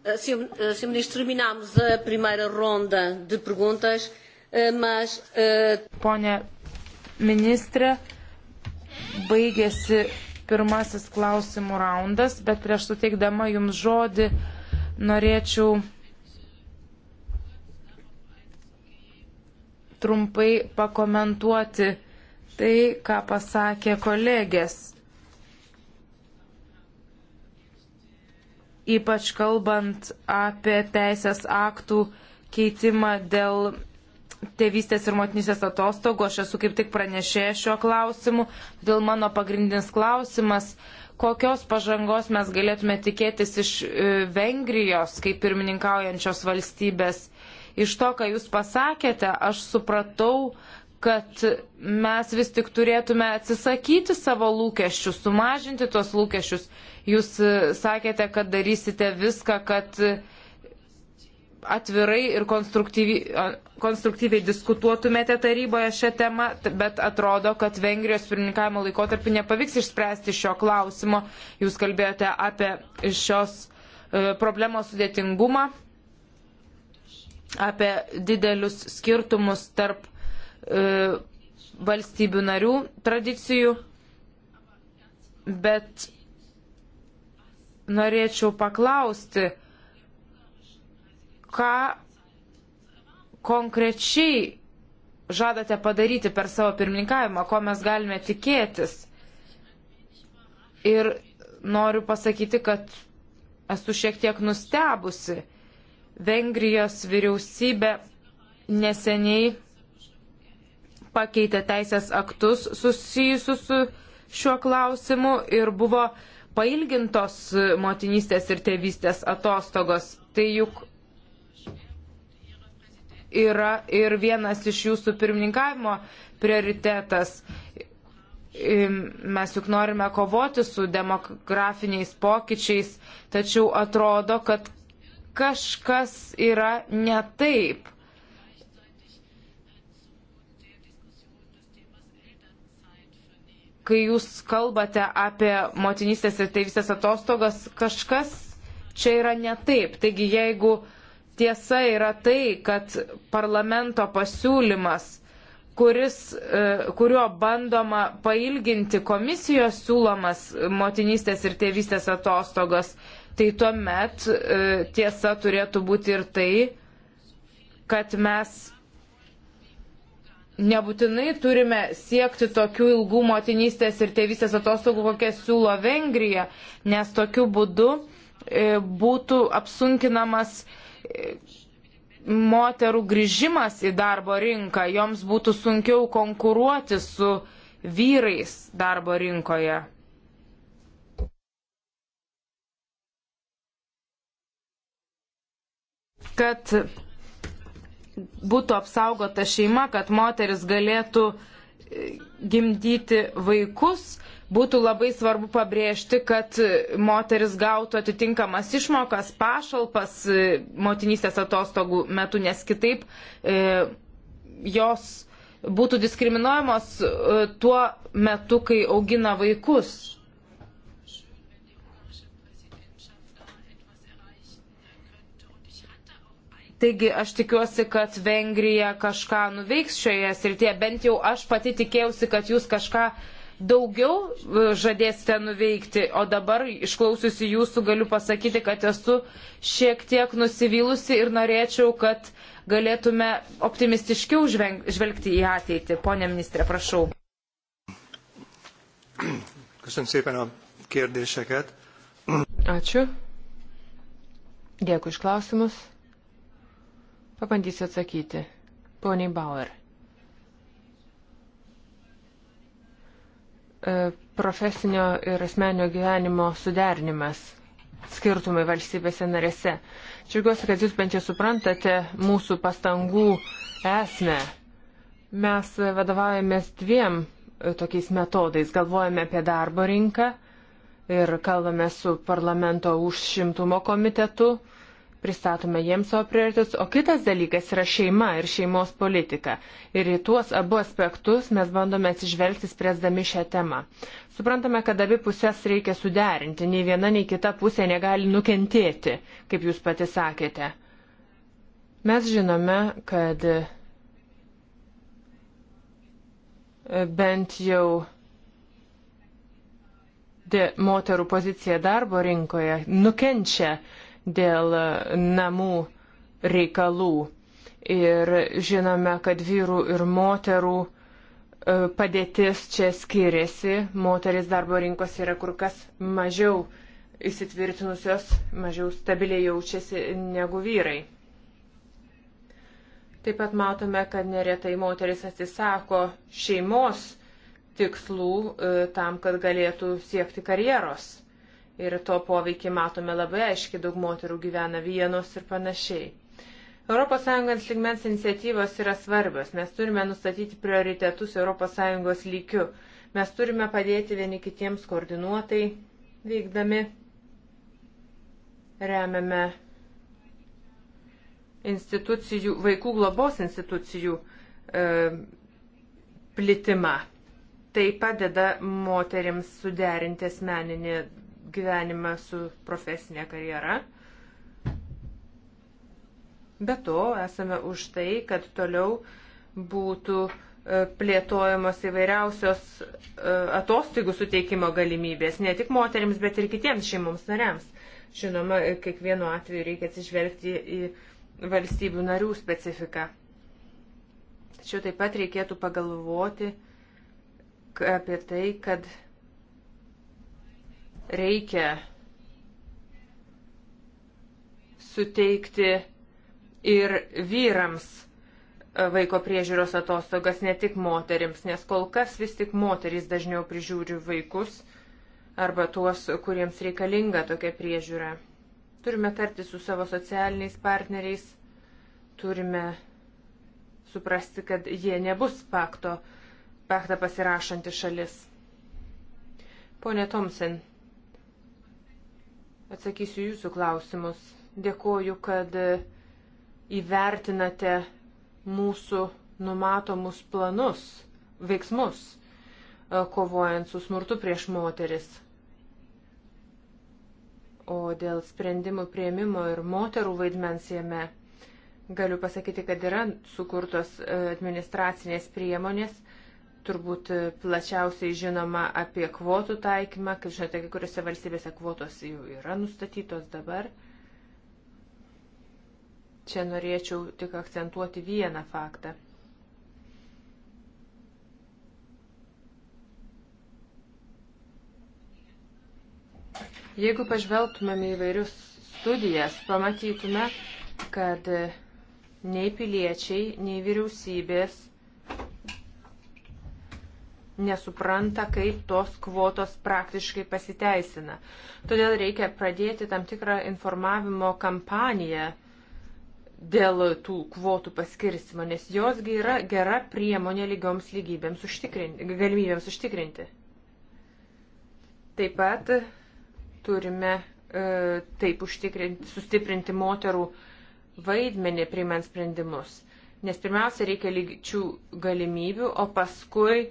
Eh, eh, Sr. Ministro, terminamos a primeira ronda de perguntas, eh, mas. Pone Ministra, baigėsi pirmasis klausimų raundas, bet prieš suteikdama jums žodį norėčiau trumpai pakomentuoti tai, ką pasakė kolegės. Ypač kalbant apie teisės aktų keitimą dėl tėvystės ir motinysės atostogų. Aš esu kaip tik pranešėję šiuo klausimu. Dėl mano pagrindinis klausimas, kokios pažangos mes galėtume tikėtis iš e, Vengrijos kaip pirmininkaujančios valstybės. Iš to, ką jūs pasakėte, aš supratau, kad mes vis tik turėtume atsisakyti savo lūkesčių, sumažinti tuos lūkesčius. Jūs e, sakėte, kad darysite viską, kad atvirai ir konstruktyviai konstruktyviai diskutuotumėte taryboje šią temą, bet atrodo, kad Vengrijos pirmininkavimo laikotarpį nepavyks išspręsti šio klausimo. Jūs kalbėjote apie šios e, problemos sudėtingumą, apie didelius skirtumus tarp e, valstybių narių tradicijų, bet norėčiau paklausti, ką konkrečiai žadate padaryti per savo pirmininkavimą, ko mes galime tikėtis. Ir noriu pasakyti, kad esu šiek tiek nustebusi. Vengrijos vyriausybė neseniai pakeitė teisės aktus susijusius su šiuo klausimu ir buvo pailgintos motinystės ir tėvystės atostogos. Tai juk yra ir vienas iš jūsų pirmininkavimo prioritetas. Mes juk norime kovoti su demografiniais pokyčiais, tačiau atrodo, kad kažkas yra ne taip. Kai jūs kalbate apie motinystės ir tėvystės atostogas, kažkas čia yra ne taip. Taigi jeigu uh, tiesa yra tai, kad parlamento pasiūlymas, kuris, e, kuriuo bandoma pailginti komisijos siūlomas motinystės ir tėvystės atostogas, tai tuomet e, tiesa turėtų būti ir tai, kad mes nebūtinai turime siekti tokių ilgų motinystės ir tėvystės atostogų, kokias siūlo Vengrija, nes tokiu būdu e, būtų apsunkinamas moterų grįžimas į darbo rinką, joms būtų sunkiau konkuruoti su vyrais darbo rinkoje. Kad būtų apsaugota šeima, kad moteris galėtų gimdyti vaikus, būtų labai svarbu pabrėžti, kad moteris gautų atitinkamas išmokas, pašalpas e, motinystės atostogų metu, nes kitaip e, jos būtų diskriminuojamos e, tuo metu, kai augina vaikus. Taigi aš tikiuosi, kad Vengrija kažką nuveiks šioje srityje, bent jau aš pati tikėjausi, kad jūs kažką daugiau e, žadėsite nuveikti, o dabar išklausiusi jūsų galiu pasakyti, kad esu šiek tiek nusivylusi ir norėčiau, kad galėtume optimistiškiau žvelgti į ateitį. Pone ministrė, prašau. Ačiū. Dėkui iš klausimus. Pabandysiu atsakyti. Poniai Bauer. E, profesinio ir asmenio gyvenimo suderinimas, skirtumai valstybėse narėse. Džiaugiuosi, kad jūs bent jau suprantate mūsų pastangų esmę. Mes vadovaujamės dviem e, tokiais metodais. Galvojame apie darbo rinką ir kalbame su parlamento užšimtumo komitetu pristatome jiems savo prioritetus, o kitas dalykas yra šeima ir šeimos politika. Ir į tuos abu aspektus mes bandome atsižvelgti spręsdami šią temą. Suprantame, kad abi pusės reikia suderinti, nei viena, nei kita pusė negali nukentėti, kaip jūs pati sakėte. Mes žinome, kad bent jau moterų pozicija darbo rinkoje nukenčia dėl namų reikalų. Ir žinome, kad vyrų ir moterų e, padėtis čia skiriasi. Moteris darbo rinkos yra kur kas mažiau įsitvirtinusios, mažiau stabiliai jaučiasi negu vyrai. Taip pat matome, kad neretai moteris atsisako šeimos tikslų e, tam, kad galėtų siekti karjeros ir to poveikį matome labai aiškiai, daug moterų gyvena vienos ir panašiai. ES lygmens iniciatyvos yra svarbios, mes turime nustatyti prioritetus ES lygių, mes turime padėti vieni kitiems koordinuotai veikdami, remiame institucijų, vaikų globos institucijų e, plitimą. Tai padeda moteriams suderinti asmeninį gyvenimą su profesinė karjera. Be to, esame už tai, kad toliau būtų e, plėtojamos įvairiausios e, atostogų suteikimo galimybės, ne tik moteriams, bet ir kitiems šeimoms nariams. Žinoma, kiekvienu atveju reikia atsižvelgti į valstybių narių specifiką. Tačiau taip pat reikėtų pagalvoti apie tai, kad reikia suteikti ir vyrams vaiko priežiūros atostogas, ne tik moterims, nes kol kas vis tik moterys dažniau prižiūri vaikus arba tuos, kuriems reikalinga tokia priežiūra. Turime tarti su savo socialiniais partneriais, turime suprasti, kad jie nebus pakto, paktą pasirašanti šalis. Pone Tomsen, Atsakysiu jūsų klausimus. Dėkoju, kad įvertinate mūsų numatomus planus, veiksmus, e, kovojant su smurtu prieš moteris. O dėl sprendimų prieimimo ir moterų vaidmens jame galiu pasakyti, kad yra sukurtos e, administracinės priemonės, turbūt plačiausiai žinoma apie kvotų taikymą. Kaip žinote, kai kuriuose valstybėse kvotos jau yra nustatytos dabar. Čia norėčiau tik akcentuoti vieną faktą. Jeigu pažvelgtumėm į vairius studijas, pamatytume, kad nei piliečiai, nei vyriausybės nesupranta, kaip tos kvotos praktiškai pasiteisina. Todėl reikia pradėti tam tikrą informavimo kampaniją dėl tų kvotų paskirstimo, nes josgi yra gera priemonė lygioms lygybėms užtikrinti, galimybėms užtikrinti. Taip pat turime e, taip užtikrinti, sustiprinti moterų vaidmenį priimant sprendimus, nes pirmiausia reikia lygių galimybių, o paskui e,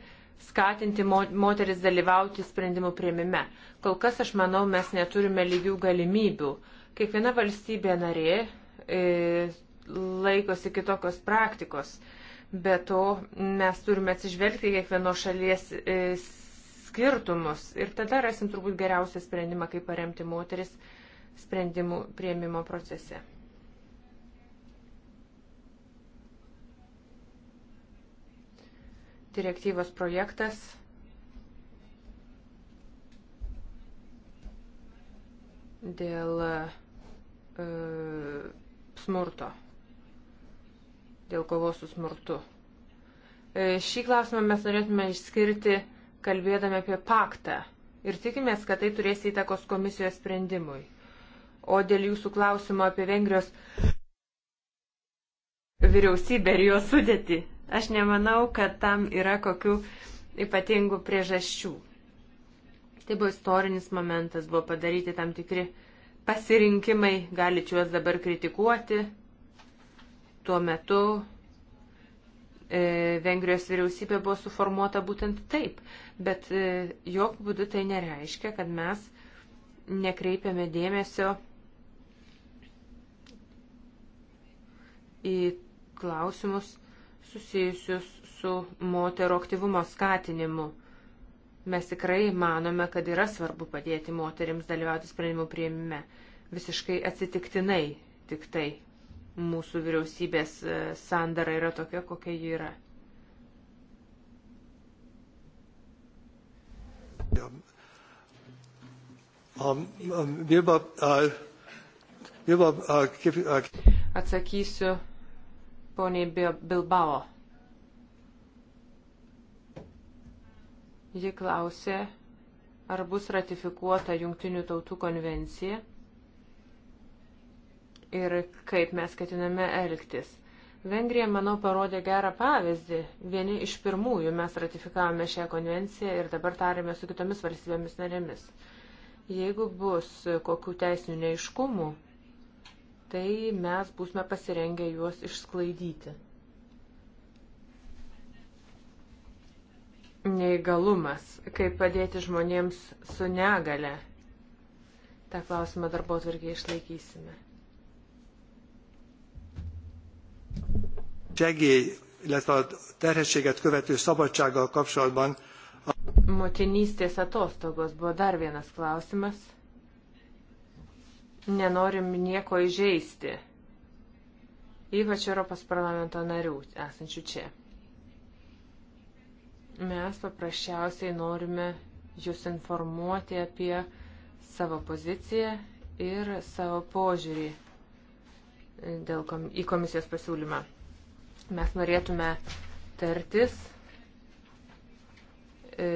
skatinti moteris dalyvauti sprendimų prieimime. Kol kas, aš manau, mes neturime lygių galimybių. Kiekviena valstybė narė e, laikosi kitokios praktikos. Be to, mes turime atsižvelgti kiekvienos šalies e, skirtumus ir tada rasim turbūt geriausią sprendimą, kaip paremti moteris sprendimų prieimimo procese. direktyvos projektas dėl e, smurto, dėl kovos su smurtu. E, šį klausimą mes norėtume išskirti kalbėdami apie paktą ir tikimės, kad tai turės įtakos komisijos sprendimui. O dėl jūsų klausimo apie Vengrijos vyriausybę ir jos sudėti, Aš nemanau, kad tam yra kokių ypatingų priežasčių. Tai buvo istorinis momentas, buvo padaryti tam tikri pasirinkimai, galite juos dabar kritikuoti. Tuo metu e, Vengrijos vyriausybė buvo suformuota būtent taip, bet e, jokių būdų tai nereiškia, kad mes nekreipiame dėmesio į klausimus, susijusius su moterų aktyvumo skatinimu. Mes tikrai manome, kad yra svarbu padėti moterims dalyvauti sprendimų prieimime. Visiškai atsitiktinai tik tai mūsų vyriausybės e, sandara yra tokia, kokia ji yra. Ja. Um, um, wir, uh, wir, uh, uh, Atsakysiu poniai Bilbao. Ji klausė, ar bus ratifikuota Junktinių tautų konvencija ir kaip mes ketiname elgtis. Vengrija, manau, parodė gerą pavyzdį. Vieni iš pirmųjų mes ratifikavome šią konvenciją ir dabar tarėme su kitomis valstybėmis narėmis. Jeigu bus kokių teisinių neiškumų, tai mes būsime pasirengę juos išsklaidyti. Neįgalumas, kaip padėti žmonėms su negale. Ta klausimą darbo tvarkiai išlaikysime. Segély, illetve a terhességet követő szabadsággal kapcsolatban. Motinystės atostogos buvo dar vienas klausimas nenorim nieko įžeisti, ypač Europos parlamento narių esančių čia. Mes paprasčiausiai norime jūs informuoti apie savo poziciją ir savo požiūrį dėl kom į komisijos pasiūlymą. Mes norėtume tartis e,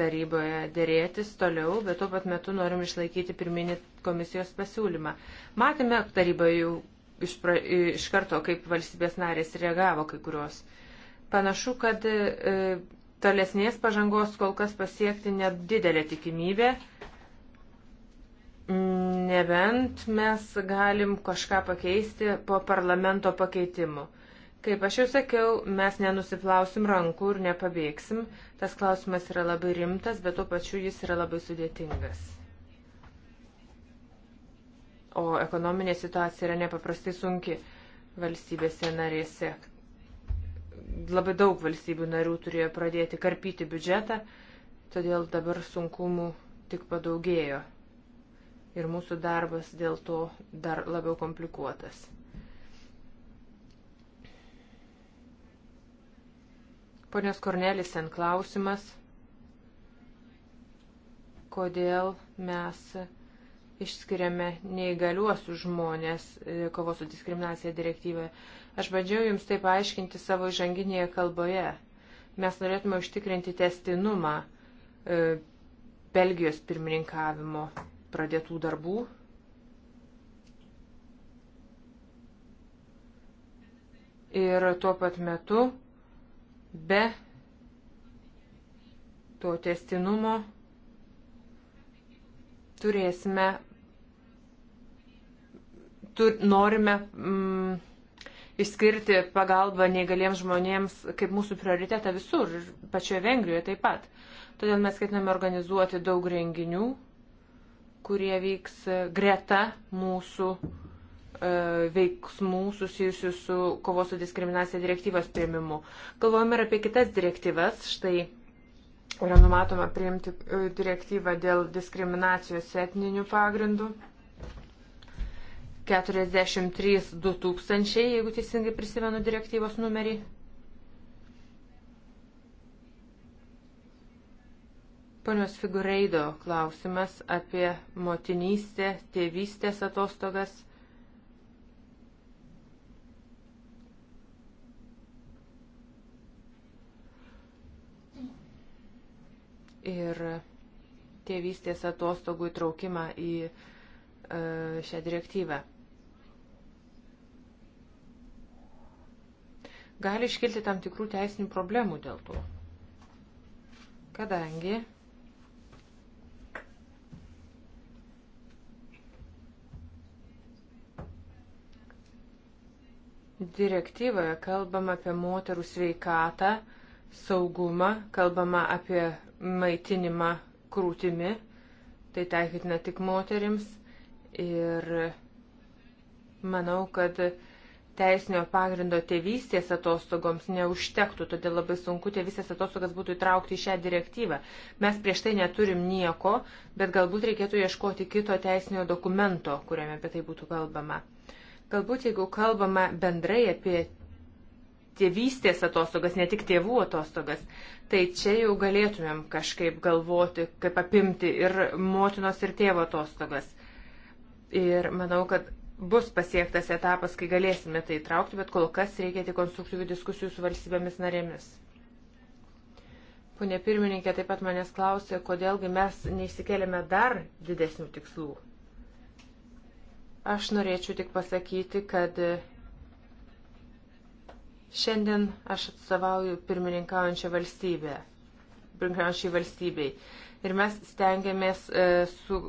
taryboje dėrėtis toliau, bet tuo pat metu norim išlaikyti pirminį komisijos pasiūlymą. Matėme taryboje jau iš, pra, iš karto, kaip valstybės narės reagavo kai kurios. Panašu, kad e, tolesnės pažangos kol kas pasiekti nedidelė tikimybė, nebent mes galim kažką pakeisti po parlamento pakeitimu. Kaip aš jau sakiau, mes nenusiplausim rankų ir nepabėgsim. Tas klausimas yra labai rimtas, bet tuo pačiu jis yra labai sudėtingas o ekonominė situacija yra nepaprastai sunki valstybėse narėse. Labai daug valstybių narių turėjo pradėti karpyti biudžetą, todėl dabar sunkumų tik padaugėjo. Ir mūsų darbas dėl to dar labiau komplikuotas. Ponios Kornelisen klausimas, kodėl mes išskiriame neįgaliuosius žmonės e, kovos su diskriminacija direktyvoje. Aš bandžiau jums tai paaiškinti savo įžanginėje kalboje. Mes norėtume užtikrinti testinumą e, Belgijos pirmininkavimo pradėtų darbų. Ir tuo pat metu be to testinumo turėsime tur, norime mm, išskirti pagalbą neįgaliems žmonėms kaip mūsų prioritetą visur, pačioje Vengrijoje taip pat. Todėl mes ketiname organizuoti daug renginių, kurie vyks greta mūsų e, veiksmų susijusių su kovos su diskriminacija direktyvos prieimimu. Galvojame ir apie kitas direktyvas. Štai yra numatoma priimti e, direktyvą dėl diskriminacijos etninių pagrindų. 43 2000, jeigu teisingai prisimenu direktyvos numerį. Ponios Figureido klausimas apie motinystę, tėvystės atostogas. Ir tėvystės atostogų įtraukimą į e, šią direktyvą. gali iškilti tam tikrų teisinių problemų dėl to. Kadangi direktyvoje kalbama apie moterų sveikatą, saugumą, kalbama apie maitinimą krūtimi, tai taikytina tik moterims ir manau, kad teisinio pagrindo tėvystės atostogoms neužtektų, todėl labai sunku tėvystės atostogas būtų įtraukti į šią direktyvą. Mes prieš tai neturim nieko, bet galbūt reikėtų ieškoti kito teisinio dokumento, kuriame apie tai būtų kalbama. Galbūt jeigu kalbama bendrai apie tėvystės atostogas, ne tik tėvų atostogas, tai čia jau galėtumėm kažkaip galvoti, kaip apimti ir motinos ir tėvo atostogas. Ir manau, kad bus pasiektas etapas, kai galėsime tai traukti, bet kol kas reikia tik konstruktyvių diskusijų su valstybėmis narėmis. Pone pirmininkė taip pat manęs klausė, kodėlgi mes neišsikėlėme dar didesnių tikslų. Aš norėčiau tik pasakyti, kad šiandien aš atstovauju pirmininkaujančią valstybę, pirmininkaujančiai valstybei. Ir mes stengiamės e, su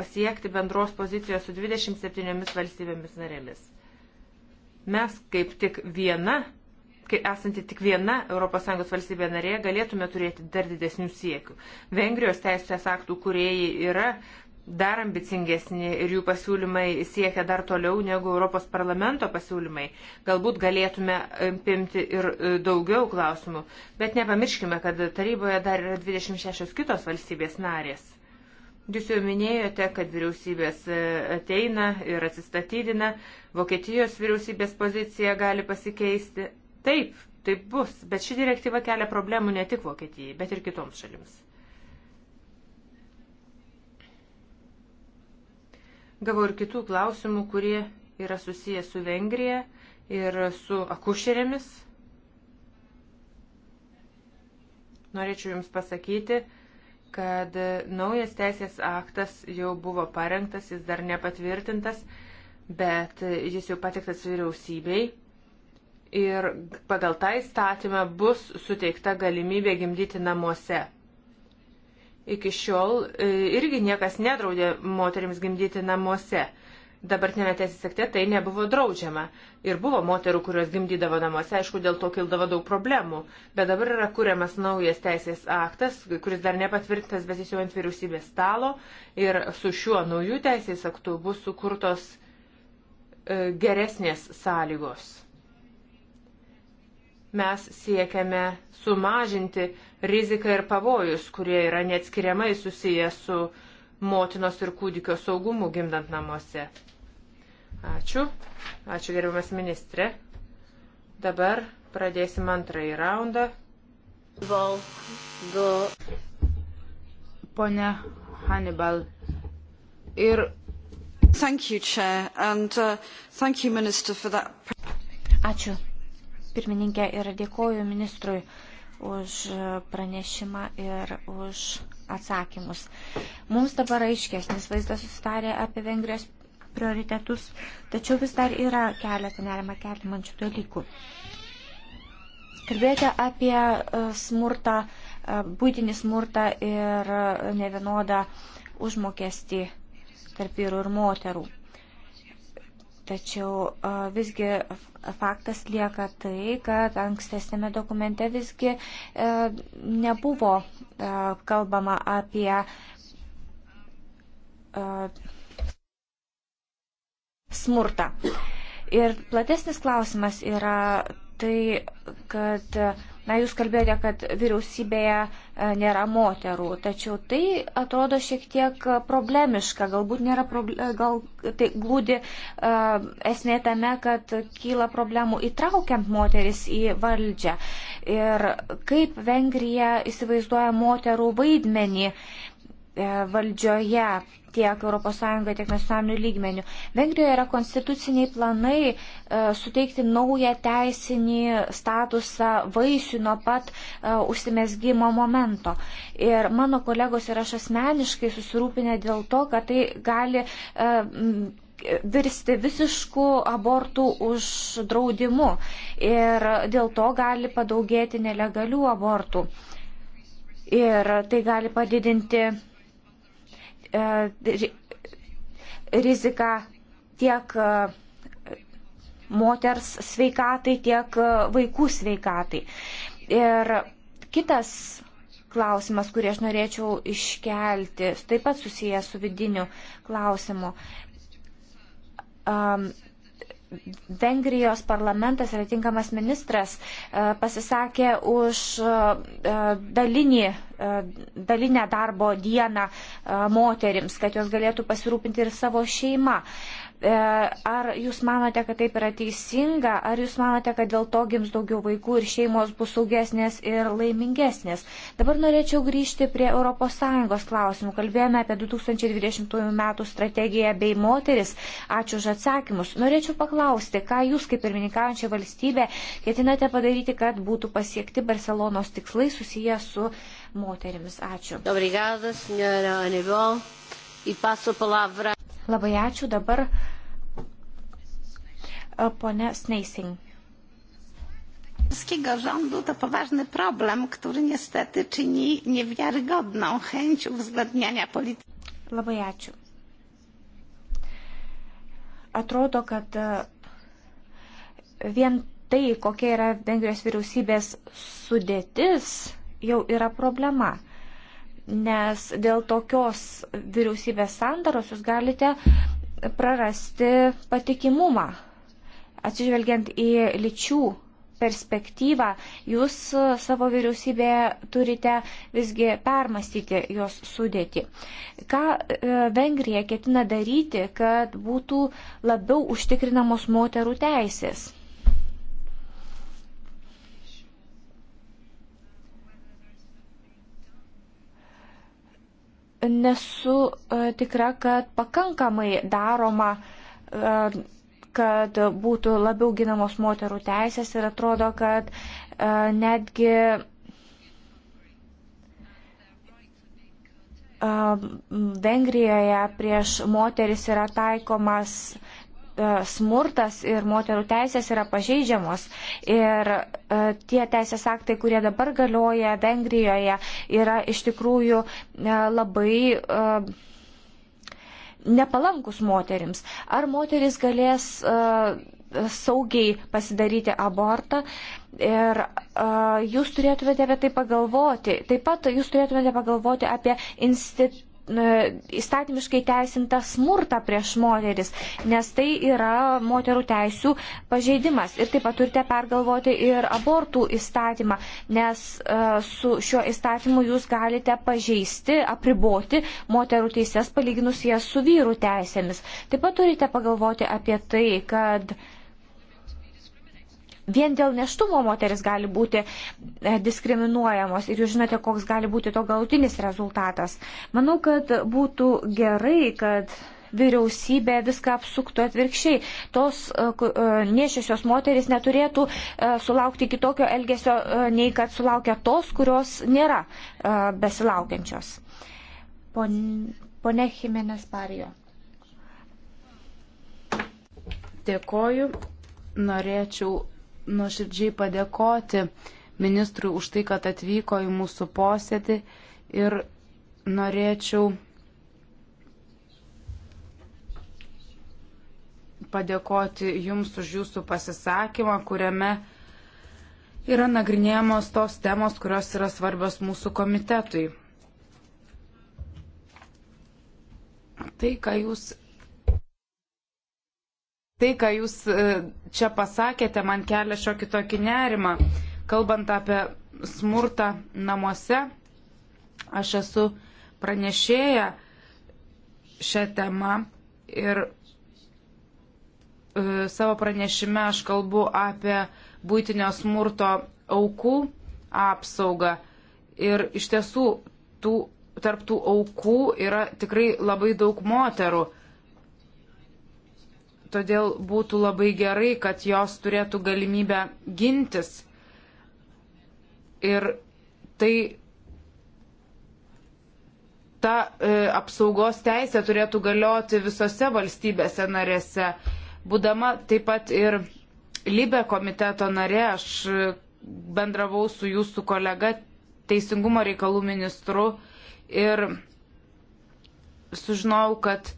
pasiekti bendros pozicijos su 27 valstybėmis narėmis. Mes kaip tik viena, kaip esanti tik viena ES valstybė narė, galėtume turėti dar didesnių siekių. Vengrijos teisės aktų kuriejai yra dar ambicingesni ir jų pasiūlymai siekia dar toliau negu Europos parlamento pasiūlymai. Galbūt galėtume pimti ir e, daugiau klausimų, bet nepamirškime, kad taryboje dar yra 26 kitos valstybės narės. Jūs jau minėjote, kad vyriausybės e, ateina ir atsistatydina, Vokietijos vyriausybės pozicija gali pasikeisti. Taip, taip bus, bet ši direktyva kelia problemų ne tik Vokietijai, bet ir kitoms šalims. Gavau ir kitų klausimų, kurie yra susiję su Vengrija ir su akušerėmis. Norėčiau Jums pasakyti, kad naujas teisės aktas jau buvo parengtas, jis dar nepatvirtintas, bet jis jau patiktas vyriausybei. Ir pagal tą įstatymą bus suteikta galimybė gimdyti namuose. Iki šiol e, irgi niekas nedraudė moteriams gimdyti namuose dabartinėme teisės akte tai nebuvo draudžiama. Ir buvo moterų, kurios gimdydavo namuose, aišku, dėl to kildavo daug problemų. Bet dabar yra kuriamas naujas teisės aktas, kuris dar nepatvirtintas, bet jis jau ant vyriausybės stalo. Ir su šiuo naujų teisės aktu bus sukurtos e, geresnės sąlygos. Mes siekiame sumažinti riziką ir pavojus, kurie yra neatskiriamai susiję su motinos ir kūdikio saugumu gimdant namuose. Ačiū. Ačiū gerbiamas ministrė. Dabar pradėsim antrąjį raundą. Valdo. Pone Hannibal. Ir. Thank you, Chair, and uh, thank you, Minister, for that. Ačiū, pirmininkė, ir dėkoju ministrui už uh, pranešimą ir už atsakymus. Mums dabar aiškesnis vaizdas sustarė apie Vengrijos prioritetus, tačiau vis dar yra keletą nerimą keltimančių dalykų. Kalbėjote apie e, smurtą, e, būtinį smurtą ir e, nevienodą užmokestį tarp vyrų ir moterų. Tačiau visgi faktas lieka tai, kad ankstesnėme dokumente visgi e, nebuvo kalbama apie smurtą. Ir platesnis klausimas yra tai, kad Na, jūs kalbėjote, kad vyriausybėje e, nėra moterų, tačiau tai atrodo šiek tiek problemiška. Galbūt nėra proble e, gal tai glūdi uh, esmė tame, kad kyla problemų įtraukiant moteris į valdžią. Ir kaip Vengrija įsivaizduoja moterų vaidmenį. Uh, E, valdžioje tiek ES, tiek nacionalinių lygmenių. Vengrijoje yra konstituciniai planai e, suteikti naują teisinį statusą vaisių nuo pat e, užsimesgymo momento. Ir mano kolegos ir aš asmeniškai susirūpinę dėl to, kad tai gali. E, m, virsti visiškų abortų uždraudimu ir dėl to gali padaugėti nelegalių abortų. Ir tai gali padidinti E, riziką tiek e, moters sveikatai, tiek e, vaikų sveikatai. Ir kitas klausimas, kurį aš norėčiau iškelti, taip pat susijęs su vidiniu klausimu. Vengrijos parlamentas ir atinkamas ministras e, pasisakė už e, e, dalinį, dalinę darbo dieną moterims, kad jos galėtų pasirūpinti ir savo šeimą. E, ar jūs manote, kad taip yra teisinga, ar jūs manote, kad dėl to gims daugiau vaikų ir šeimos bus saugesnės ir laimingesnės? Dabar norėčiau grįžti prie ES klausimų. Kalbėjome apie 2020 m. strategiją bei moteris. Ačiū už atsakymus. Norėčiau paklausti, ką jūs kaip pirmininkaujančia valstybė ketinate padaryti, kad būtų pasiekti Barcelonos tikslai susiję su moterimis. Ačiū. Obrigada, senhora Anibal. E passo a palavra. Labai ačiū dabar e, ponė Sneising polskiego rządu to poważny problem, który niestety czyni niewiarygodną chęć uwzględniania polityki. Labai ačiū. Atrodo, kad e, vien tai, kokia yra Vengrijos vyriausybės sudėtis, jau yra problema nes dėl tokios vyriausybės sandaros jūs galite prarasti patikimumą. Atsižvelgiant į lyčių perspektyvą, jūs savo vyriausybėje turite visgi permastyti jos sudėti. Ką e, Vengrija ketina daryti, kad būtų labiau užtikrinamos moterų teisės? nesu e, tikra, kad pakankamai daroma e, kad būtų labiau ginamos moterų teisės ir atrodo, kad e, netgi Vengrijoje prieš moteris yra taikomas E, smurtas ir moterų teisės yra pažeidžiamos. Ir e, tie teisės aktai, kurie dabar galioja Vengrijoje, yra iš tikrųjų e, labai nepalankus moterims. Ar moteris galės saugiai pasidaryti abortą ir uh, jūs turėtumėte apie tai pagalvoti. Taip pat jūs turėtumėte pagalvoti apie institu, E, įstatymiškai teisintą smurtą prieš moteris, nes tai yra moterų teisų pažeidimas. Ir taip pat turite pergalvoti ir abortų įstatymą, nes e, su šiuo įstatymu jūs galite pažeisti, apriboti moterų teises palyginus jas su vyrų teisėmis. Taip pat turite pagalvoti apie tai, kad uh, vien dėl neštumo moteris gali būti e, diskriminuojamos ir jūs žinote, koks gali būti to galutinis rezultatas. Manau, kad būtų gerai, kad vyriausybė viską apsuktų atvirkščiai. Tos e, e, nešiosios moteris neturėtų sulaukti kitokio elgesio, nei kad sulaukia tos, kurios nėra besilaukiančios. Pone, pone Jimenez Parijo. Dėkoju. Norėčiau nuoširdžiai padėkoti ministrui už tai, kad atvyko į mūsų posėdį ir norėčiau padėkoti Jums už Jūsų pasisakymą, kuriame yra nagrinėjamos tos temos, kurios yra svarbios mūsų komitetui. Tai, ką Jūs tai, ką jūs e, čia pasakėte, man kelia šiokį tokį nerimą. Kalbant apie smurtą namuose, aš esu pranešėja šią temą ir e, savo pranešime aš kalbu apie būtinio smurto aukų apsaugą. Ir iš tiesų tų, tarptų aukų yra tikrai labai daug moterų todėl būtų labai gerai, kad jos turėtų galimybę gintis. Ir tai ta e, apsaugos teisė turėtų galioti visose valstybėse narėse. Būdama taip pat ir Libe komiteto narė, aš e, bendravau su jūsų kolega Teisingumo reikalų ministru ir sužinojau, kad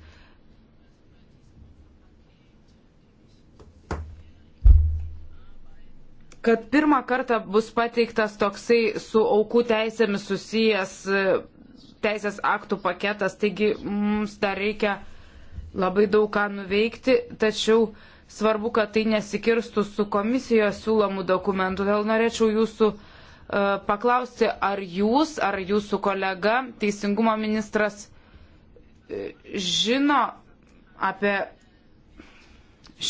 kad pirmą kartą bus pateiktas toksai su aukų teisėmis susijęs e, teisės aktų paketas, taigi mums dar reikia labai daug ką nuveikti, tačiau svarbu, kad tai nesikirstų su komisijos siūlomų dokumentų. Vėl norėčiau jūsų uh, paklausti, ar jūs, ar jūsų kolega, teisingumo ministras, e, žino apie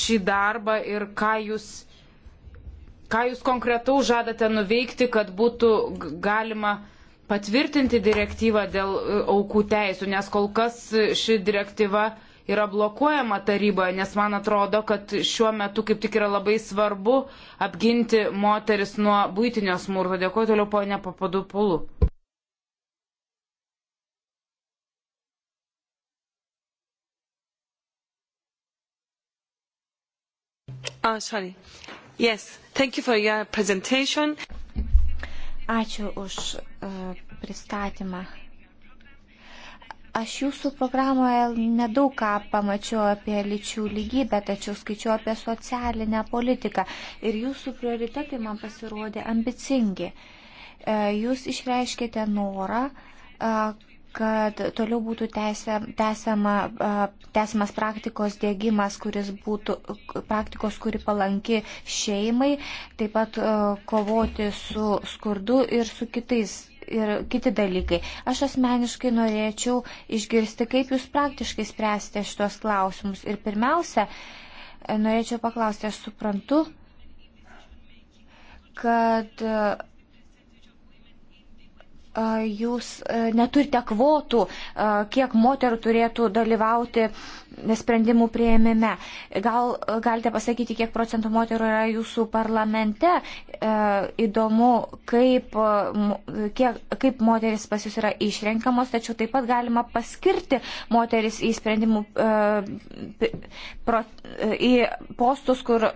šį darbą ir ką jūs Ką jūs konkretau žadate nuveikti, kad būtų galima patvirtinti direktyvą dėl e, aukų teisų, nes kol kas e, ši direktyva yra blokuojama taryboje, nes man atrodo, kad šiuo metu kaip tik yra labai svarbu apginti moteris nuo būtinio smurto. Dėkuoju toliau, ponė Papadupulu. Oh, ah, sorry. Yes, thank you for your presentation. Ačiū už uh, pristatymą. Aš jūsų programoje nedaug ką pamačiau apie lyčių lygybę, tačiau skaičiu apie socialinę politiką. Ir jūsų prioritetai man pasirodė ambicingi. E, jūs išreiškite norą e, kad toliau būtų tęsiama, tęsiamas praktikos dėgymas, kuris būtų praktikos, kuri palanki šeimai, taip pat kovoti su skurdu ir su kitais. Ir kiti dalykai. Aš asmeniškai norėčiau išgirsti, kaip jūs praktiškai spręsite šitos klausimus. Ir pirmiausia, norėčiau paklausti, aš suprantu, kad jūs neturite kvotų, kiek moterų turėtų dalyvauti sprendimų prieimime. Gal galite pasakyti, kiek procentų moterų yra jūsų parlamente? E, įdomu, kaip, kiek, kaip moteris pas jūs yra išrenkamos, tačiau taip pat galima paskirti moteris į sprendimų, e, pro, e, į postus, kur e,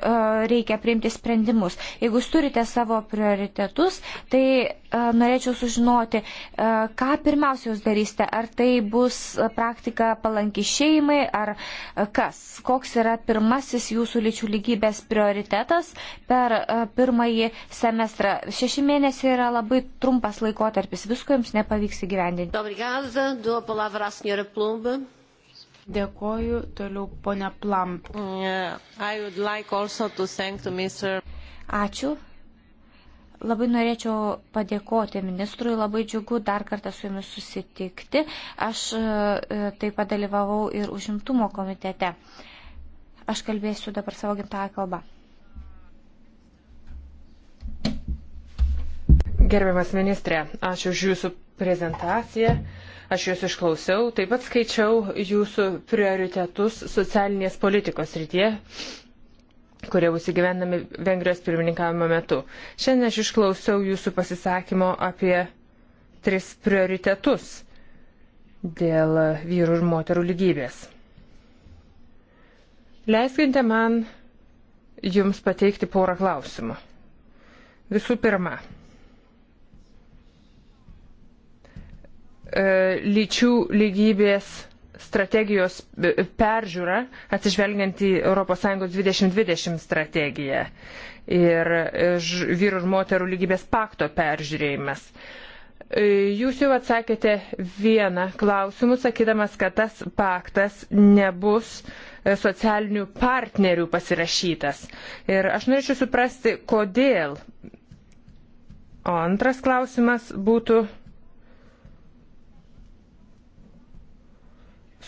reikia priimti sprendimus. Jeigu jūs turite savo prioritetus, tai e, norėčiau sužinoti, e, ką pirmiausia jūs darysite. Ar tai bus praktika palanki šeimai, ar ir kas. Koks yra pirmasis jūsų lyčių lygybės prioritetas per e, pirmąjį semestrą? Šeši mėnesiai yra labai trumpas laikotarpis, visko jums nepavyks įgyvendinti. Dėkoju, toliau ponia Plam. Mm, Ačiū. Labai norėčiau padėkoti ministrui, labai džiugu dar kartą su jumis susitikti. Aš e, e, taip pat dalyvavau ir užimtumo komitete. Aš kalbėsiu dabar savo gimtąją kalbą. Gerbiamas ministrė, ačiū už jūsų prezentaciją. Aš jūs išklausiau, taip pat skaičiau jūsų prioritetus socialinės politikos rytie kurie bus įgyvendami Vengrijos pirmininkavimo metu. Šiandien aš išklausiau jūsų pasisakymo apie tris prioritetus dėl vyrų ir moterų lygybės. Leiskite man jums pateikti porą klausimų. Visų pirma, e, lyčių lygybės strategijos peržiūrą, atsižvelgiant į ES 2020 strategiją ir e, vyrų ir moterų lygybės pakto peržiūrėjimas. E, jūs jau atsakėte vieną klausimą, sakydamas, kad tas paktas nebus e, socialinių partnerių pasirašytas. Ir aš norėčiau suprasti, kodėl. O antras klausimas būtų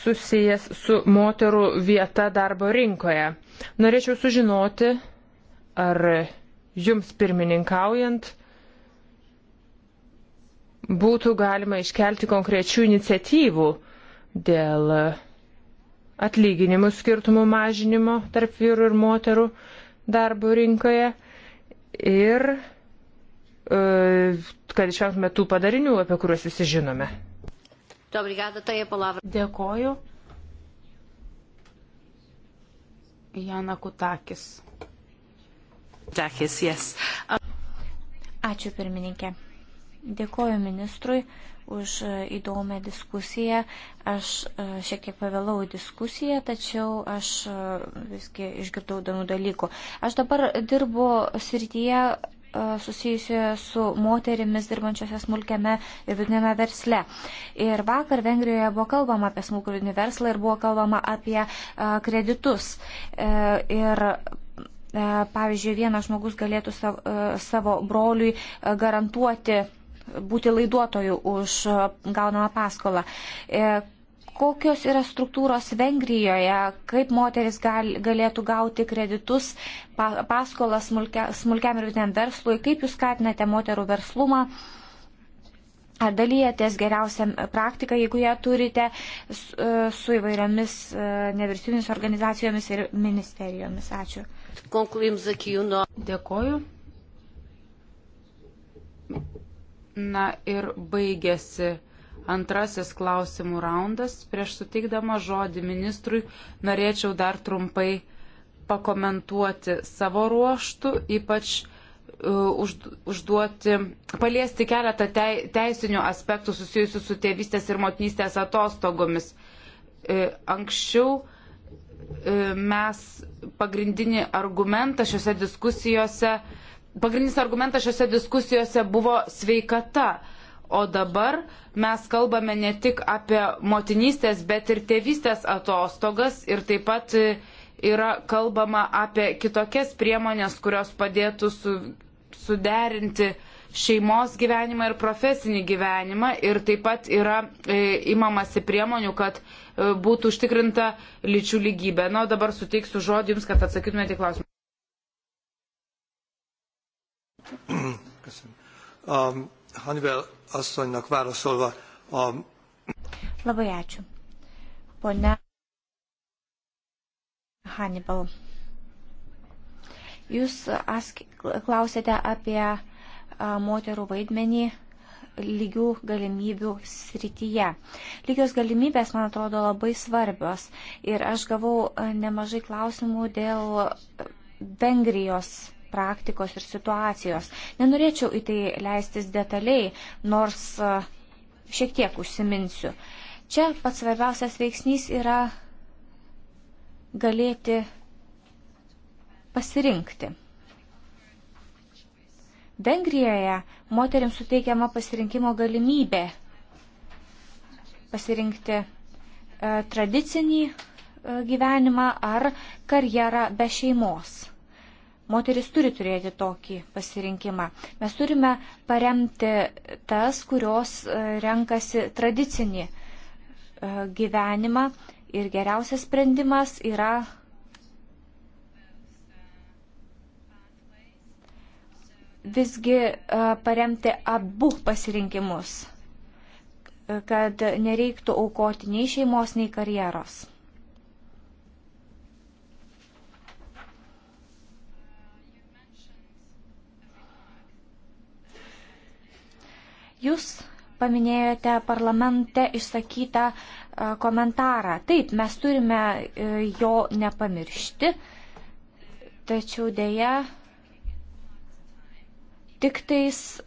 susijęs su moterų vieta darbo rinkoje. Norėčiau sužinoti, ar jums pirmininkaujant būtų galima iškelti konkrečių iniciatyvų dėl atlyginimų skirtumų mažinimo tarp vyrų ir moterų darbo rinkoje ir e, kad išvengtume tų padarinių, apie kuriuos visi žinome. Obrigada, tai palavra. Dėkoju. Jana Kutakis. Kutakis, yes. Ačiū pirmininkė. Dėkoju ministrui už įdomią diskusiją. Aš e, šiek tiek pavėlau į diskusiją, tačiau aš e, visgi išgirdau danų dalykų. Aš dabar dirbu srityje, E, susijusioje su moterimis dirbančiose smulkiame ir vidinėme versle. Ir vakar Vengrijoje buvo kalbama apie smulkų verslą ir buvo kalbama apie e, kreditus. E, ir pavyzdžiui, vienas žmogus galėtų savo broliui garantuoti būti laiduotoju už gaunamą paskolą kokios yra struktūros Vengrijoje, kaip moteris gal, galėtų gauti kreditus, pa, paskolas smulkia, smulkiam ir vidiniam verslui, kaip jūs skatinate moterų verslumą. Ar dalyjatės geriausią praktiką, jeigu ją turite, su, e, su įvairiomis e, nevyriausybinėmis organizacijomis ir ministerijomis? Ačiū. Dėkoju. Na ir baigėsi antrasis klausimų raundas. Prieš suteikdama žodį ministrui norėčiau dar trumpai pakomentuoti savo ruoštų, ypač e, užduoti, paliesti keletą teisinių aspektų susijusių su tėvystės ir motinystės atostogomis. E, anksčiau e, mes pagrindinį argumentą šiuose diskusijose, pagrindinis argumentas šiuose diskusijose buvo sveikata. O dabar mes kalbame ne tik apie motinystės, bet ir tėvystės atostogas ir taip pat yra kalbama apie kitokias priemonės, kurios padėtų su, suderinti šeimos gyvenimą ir profesinį gyvenimą ir taip pat yra e, imamasi priemonių, kad e, būtų užtikrinta lyčių lygybė. Na, dabar suteiksiu žodį Jums, kad atsakytumėte į klausimą. Um, Hannibal, asszonynak válaszolva a... Labai ačiū. Pone Hannibal. Jūs klausėte apie moterų vaidmenį lygių galimybių srityje. Lygios galimybės, man atrodo, labai svarbios. Ir aš gavau nemažai klausimų dėl Vengrijos praktikos ir situacijos. Nenorėčiau į tai leistis detaliai, nors e, šiek tiek užsiminsiu. Čia pats svarbiausias veiksnys yra galėti pasirinkti. Vengrijoje moteriams suteikiama pasirinkimo galimybė pasirinkti e, tradicinį e, gyvenimą ar karjerą be šeimos. Moteris turi turėti tokį pasirinkimą. Mes turime paremti tas, kurios e, renkasi tradicinį e, gyvenimą ir geriausias sprendimas yra visgi e, paremti abu pasirinkimus, kad nereiktų aukoti nei šeimos, nei karjeros. Jūs paminėjote parlamente išsakytą e, komentarą. Taip, mes turime e, jo nepamiršti, tačiau dėja tik tais e,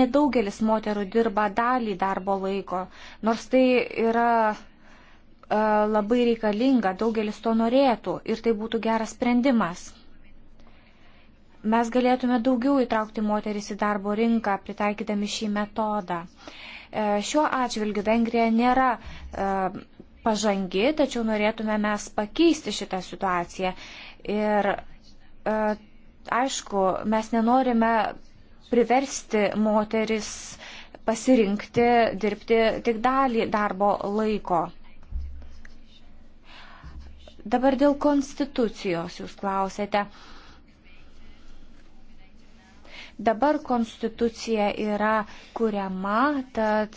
nedaugelis moterų dirba dalį darbo laiko, nors tai yra labai reikalinga, daugelis to norėtų ir tai būtų geras sprendimas. Mes galėtume daugiau įtraukti moteris į darbo rinką, pritaikydami šį metodą. E, šiuo atžvilgiu Vengrija nėra e, pažangi, tačiau norėtume mes pakeisti šitą situaciją. Ir e, aišku, mes nenorime priversti moteris pasirinkti dirbti tik dalį darbo laiko. Dabar dėl konstitucijos jūs klausėte. Uh, Dabar konstitucija yra kuriama, tad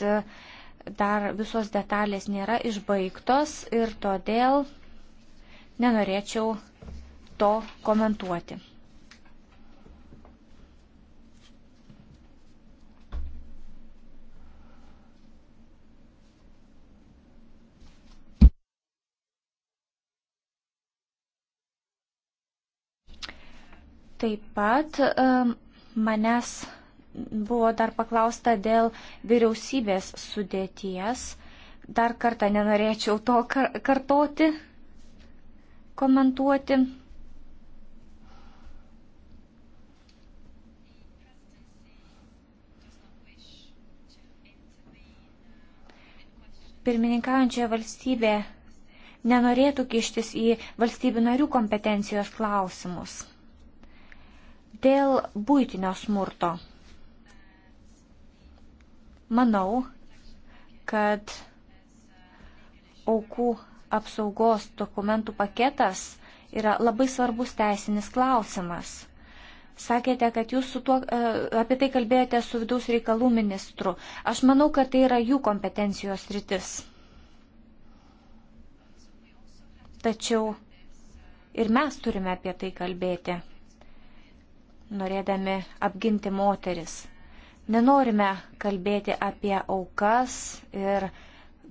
dar visos detalės nėra išbaigtos ir todėl nenorėčiau to komentuoti. Taip pat Manęs buvo dar paklausta dėl vyriausybės sudėties. Dar kartą nenorėčiau to kartoti, komentuoti. pirmininkaujančioje valstybė nenorėtų kištis į valstybių narių kompetencijos klausimus. Dėl būtinio smurto. Manau, kad aukų apsaugos dokumentų paketas yra labai svarbus teisinis klausimas. Sakėte, kad jūs tuo, e, apie tai kalbėjote su vidaus reikalų ministru. Aš manau, kad tai yra jų kompetencijos rytis. Tačiau ir mes turime apie tai kalbėti norėdami apginti moteris. Nenorime kalbėti apie aukas ir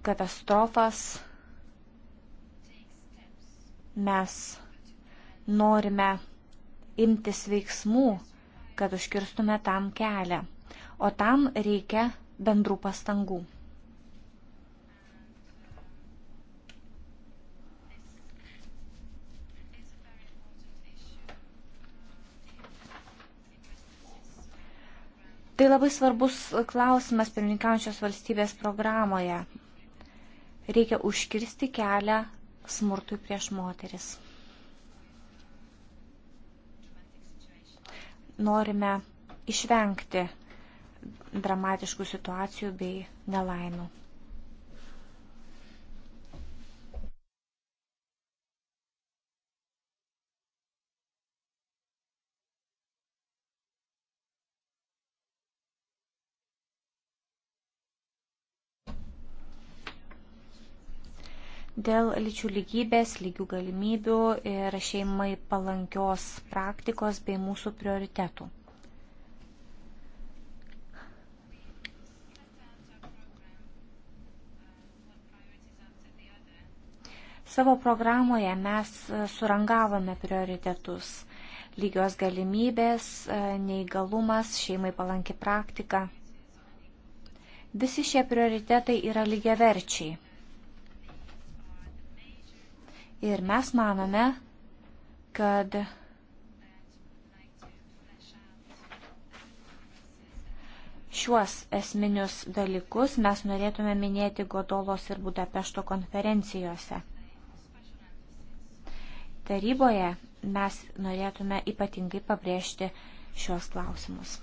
katastrofas. Mes norime imtis veiksmų, kad užkirstume tam kelią, o tam reikia bendrų pastangų. Tai labai svarbus klausimas pirmininkaujančios valstybės programoje. Reikia užkirsti kelią smurtui prieš moteris. Norime išvengti dramatiškų situacijų bei nelaimų. dėl lyčių lygybės, lygių galimybių ir šeimai palankios praktikos bei mūsų prioritetų. Savo programoje mes surangavome prioritetus - lygios galimybės, neįgalumas, šeimai palanki praktika. Visi šie prioritetai yra lygiaverčiai. Ir mes manome, kad Šiuos esminius dalykus mes norėtume minėti Godolos ir Budapešto konferencijose. Taryboje mes norėtume ypatingai pabrėžti šios klausimus.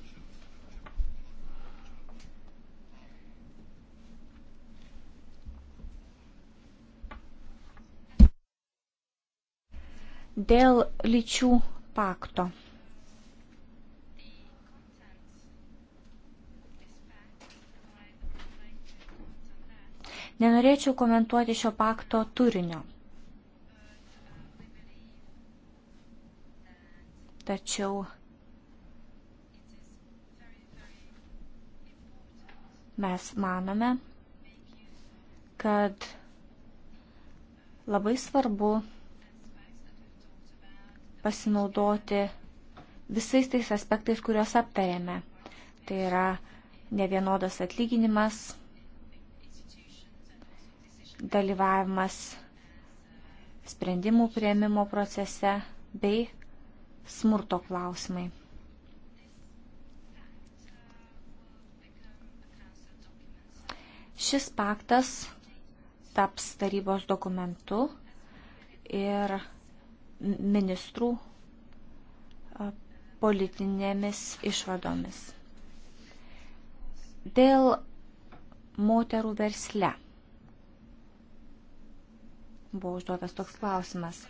Dėl lyčių pakto. Nenorėčiau komentuoti šio pakto turinio. Tačiau mes manome, kad labai svarbu pasinaudoti visais tais aspektais, kuriuos aptarėme. Tai yra nevienodas atlyginimas, dalyvavimas sprendimų prieimimo procese bei smurto klausimai. Šis paktas taps tarybos dokumentu ir ministrų politinėmis išvadomis. Dėl moterų versle buvo užduotas toks klausimas.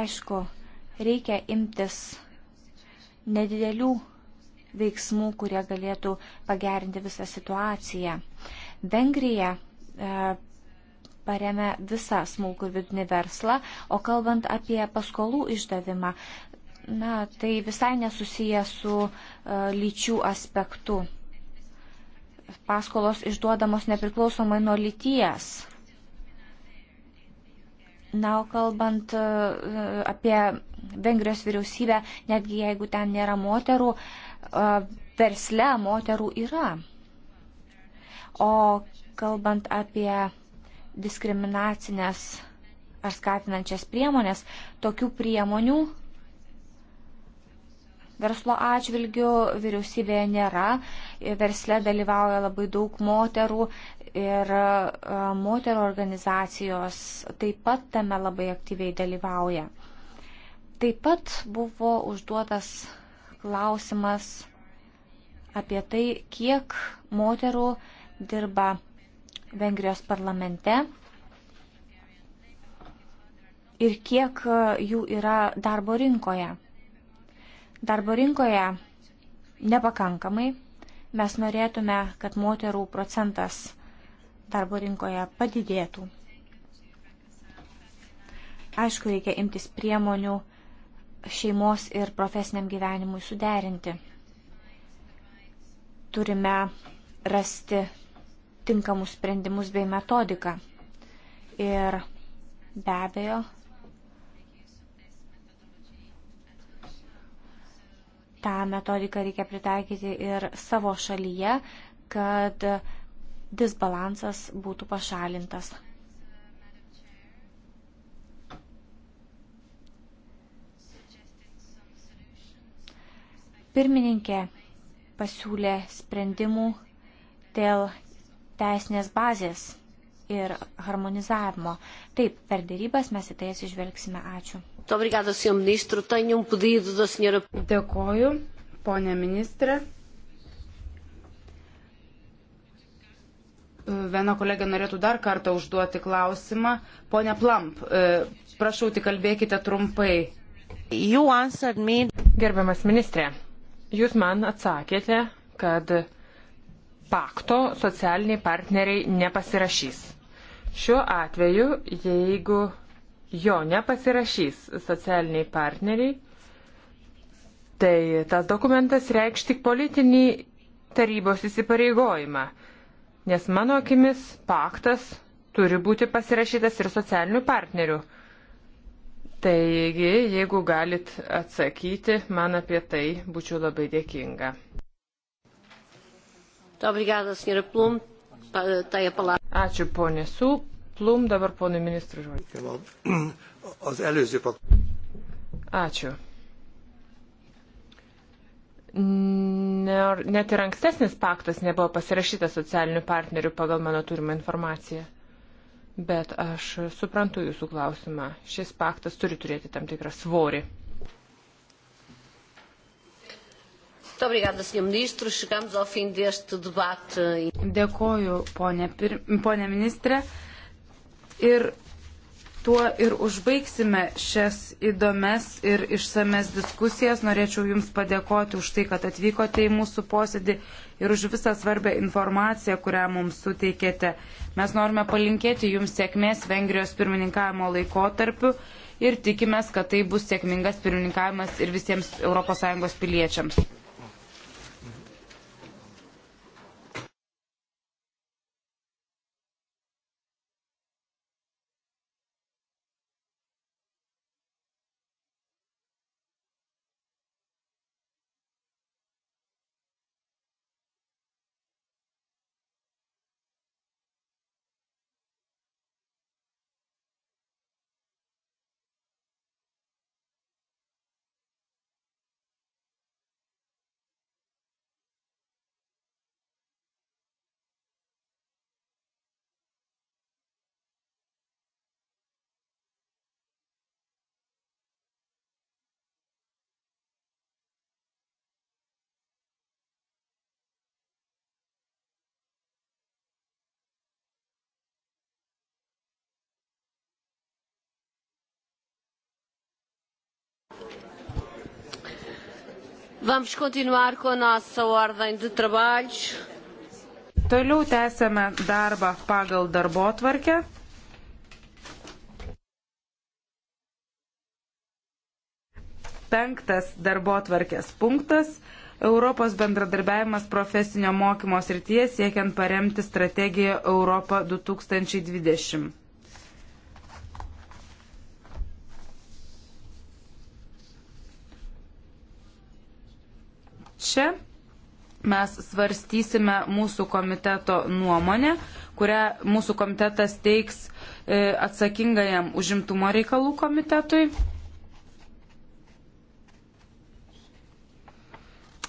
Aišku, reikia imtis nedidelių veiksmų, kurie galėtų pagerinti visą situaciją. Vengrija e, paremia visą smulkų ir vidinį verslą, o kalbant apie paskolų išdavimą, na, tai visai nesusiję su uh, lyčių aspektu. Paskolos išduodamos nepriklausomai nuo lyties. Na, o kalbant e, apie Vengrijos vyriausybę, netgi jeigu ten nėra moterų, e, versle moterų yra. O kalbant apie diskriminacinės ar skatinančias priemonės, tokių priemonių verslo atžvilgių vyriausybėje nėra, versle dalyvauja labai daug moterų ir e, moterų organizacijos taip pat tame labai aktyviai dalyvauja. Taip pat buvo užduotas klausimas apie tai, kiek moterų dirba Vengrijos parlamente ir kiek e, jų yra darbo rinkoje. Darbo rinkoje nepakankamai. Mes norėtume, kad moterų procentas darbo rinkoje padidėtų. Aišku, reikia imtis priemonių šeimos ir profesiniam gyvenimui suderinti. Turime rasti tinkamus sprendimus bei metodiką. Ir be abejo, tą metodiką reikia pritaikyti ir savo šalyje, kad disbalansas būtų pašalintas. Pirmininkė pasiūlė sprendimų dėl teisinės bazės ir harmonizavimo. Taip, per dėrybas mes į tai atsižvelgsime. Ačiū. Um Dėkoju, ponė ministrė. Viena kolegė norėtų dar kartą užduoti klausimą. Pone Plamp, e, prašau, tik kalbėkite trumpai. Me... Gerbiamas ministrė, jūs man atsakėte, kad pakto socialiniai partneriai nepasirašys. Šiuo atveju, jeigu jo nepasirašys socialiniai partneriai, tai tas dokumentas reikš tik politinį tarybos įsipareigojimą, nes mano akimis paktas turi būti pasirašytas ir socialinių partnerių. Taigi, jeigu galit atsakyti man apie tai, būčiau labai dėkinga. Ačiū ponė Su. Plum dabar ponui ministrui žodžiu. Ačiū. Net ir ankstesnis paktas nebuvo pasirašytas socialinių partnerių pagal mano turimą informaciją. Bet aš suprantu jūsų klausimą. Šis paktas turi turėti tam tikrą svorį. Muito obrigada, Sr. Ministro. Chegamos ao fim deste debate. Dėkoju, ponė, pir... ponė ministrė. Ir tuo ir užbaigsime šias įdomes ir išsames diskusijas. Norėčiau Jums padėkoti už tai, kad atvykote į mūsų posėdį ir už visą svarbę informaciją, kurią mums suteikėte. Mes norime palinkėti Jums sėkmės Vengrijos pirmininkavimo laikotarpiu ir tikimės, kad tai bus sėkmingas pirmininkavimas ir visiems ES piliečiams. Vamos continuar com a nossa ordem de trabalhos. Toliau tęsėme darbą pagal darbo tvarkę. Penktas darbo tvarkės punktas - Europos bendradarbiavimas profesinio mokymo srityje siekiant paremti strategiją Europą 2020. čia mes svarstysime mūsų komiteto nuomonę, kurią mūsų komitetas teiks e, atsakingajam užimtumo reikalų komitetui.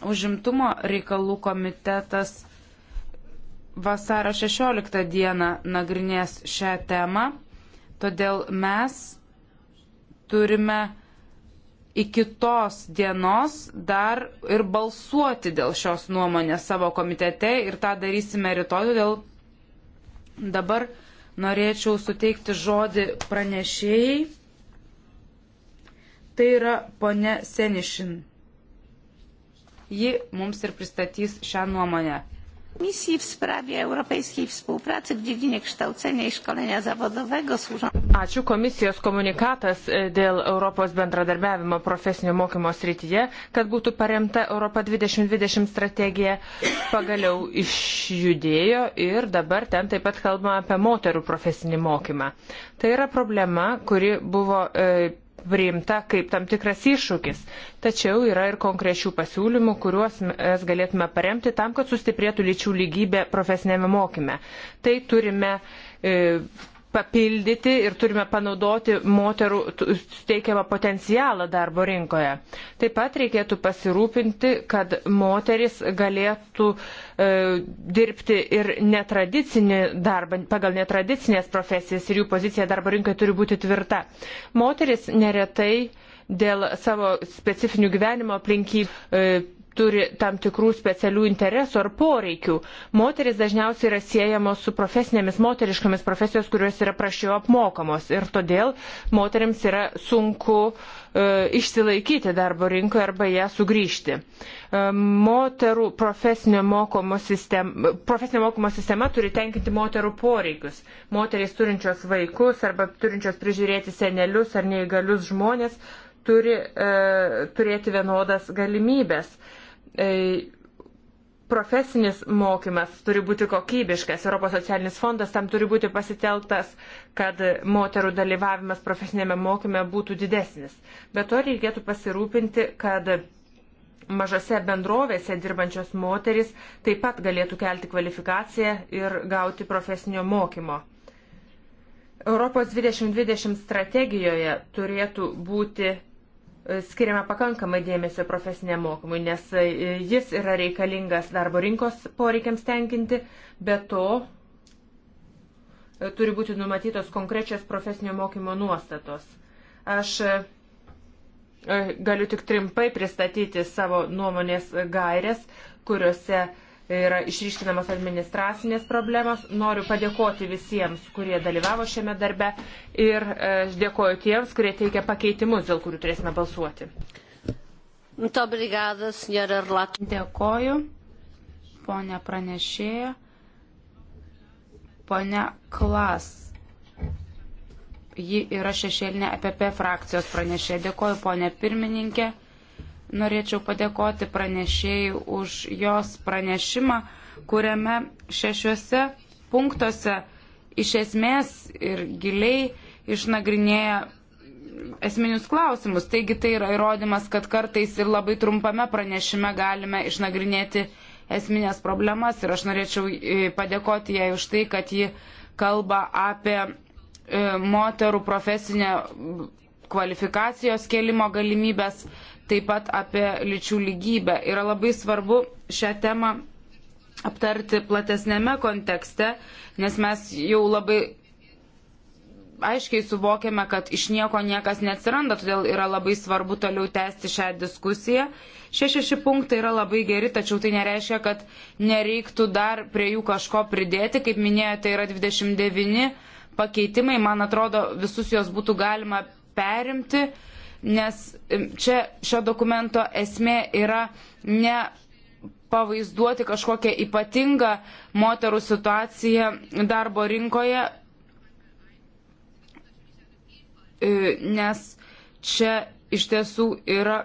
Užimtumo reikalų komitetas vasaro 16 dieną nagrinės šią temą, todėl mes turime iki tos dienos dar ir balsuoti dėl šios nuomonės savo komitete ir tą darysime rytoj. Todėl dabar norėčiau suteikti žodį pranešėjai. Tai yra ponė Senišin. Ji mums ir pristatys šią nuomonę. Misji w sprawie europejskiej współpracy w dziedzinie kształcenia i szkolenia zawodowego służą. Ačiū komisijos komunikatas e, dėl Europos bendradarbiavimo profesinio mokymo srityje, kad būtų paremta Europa 2020 strategija, pagaliau išjudėjo ir dabar ten taip pat kalbama apie moterų profesinį mokymą. Tai yra problema, kuri buvo. E, priimta kaip tam tikras iššūkis. Tačiau yra ir konkrečių pasiūlymų, kuriuos mes galėtume paremti tam, kad sustiprėtų lyčių lygybė profesinėme mokyme. Tai turime e, papildyti ir turime panaudoti moterų suteikiamą potencialą darbo rinkoje. Taip pat reikėtų pasirūpinti, kad moteris galėtų e, dirbti ir netradicinį darbą, pagal netradicinės profesijas ir jų pozicija darbo rinkoje turi būti tvirta. Moteris neretai dėl savo specifinių gyvenimo aplinkybių e, turi tam tikrų specialių interesų ar poreikių. Moteris dažniausiai yra siejamos su profesinėmis moteriškomis profesijos, kurios yra prašiau apmokamos ir todėl moteriams yra sunku e, išsilaikyti darbo rinkoje arba ją sugrįžti. E, moterų profesinio mokomo, sistem, profesinio mokomo sistema turi tenkinti moterų poreikius. Moterys turinčios vaikus arba turinčios prižiūrėti senelius ar neįgalius žmonės turi e, turėti vienodas galimybės. E, E, profesinis mokymas turi būti kokybiškas, Europos socialinis fondas tam turi būti pasiteltas, kad moterų dalyvavimas profesinėme mokyme būtų didesnis. Bet to reikėtų pasirūpinti, kad mažose bendrovėse dirbančios moteris taip pat galėtų kelti kvalifikaciją ir gauti profesinio mokymo. Europos 2020 strategijoje turėtų būti skiriame pakankamai dėmesio profesiniam mokymui, nes e, jis yra reikalingas darbo rinkos poreikiams tenkinti, bet to e, turi būti numatytos konkrečios profesinio mokymo nuostatos. Aš e, galiu tik trumpai pristatyti savo nuomonės gairės, kuriuose yra išryškinamas administracinės problemos. Noriu padėkoti visiems, kurie dalyvavo šiame darbe ir e, aš dėkoju tiems, kurie teikia pakeitimus, dėl kurių turėsime balsuoti. Dėkoju, ponė pranešėja, ponė Klas. Ji yra šešėlinė EPP frakcijos pranešė. Dėkoju, ponė pirmininkė. Norėčiau padėkoti pranešėjai už jos pranešimą, kuriame šešiuose punktuose iš esmės ir giliai išnagrinėja esminius klausimus. Taigi tai yra įrodymas, kad kartais ir labai trumpame pranešime galime išnagrinėti esminės problemas ir aš norėčiau e, padėkoti jai už tai, kad ji kalba apie e, moterų profesinę kvalifikacijos kelimo galimybės, taip pat apie lyčių lygybę. Yra labai svarbu šią temą aptarti platesnėme kontekste, nes mes jau labai aiškiai suvokiame, kad iš nieko niekas neatsiranda, todėl yra labai svarbu toliau tęsti šią diskusiją. Šie šeši punktai yra labai geri, tačiau tai nereiškia, kad nereiktų dar prie jų kažko pridėti. Kaip minėjote, yra 29 pakeitimai, man atrodo, visus juos būtų galima perimti nes čia šio dokumento esmė yra ne pavaizduoti kažkokią ypatingą moterų situaciją darbo rinkoje, e, nes čia iš tiesų yra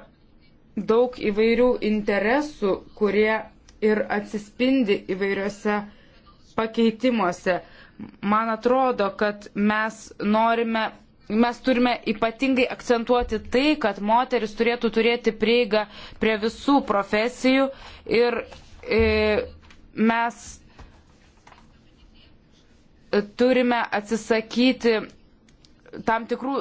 daug įvairių interesų, kurie ir atsispindi įvairiose pakeitimuose. Man atrodo, kad mes norime mes turime ypatingai akcentuoti tai, kad moteris turėtų turėti prieigą prie visų profesijų ir e, mes turime atsisakyti tam tikrų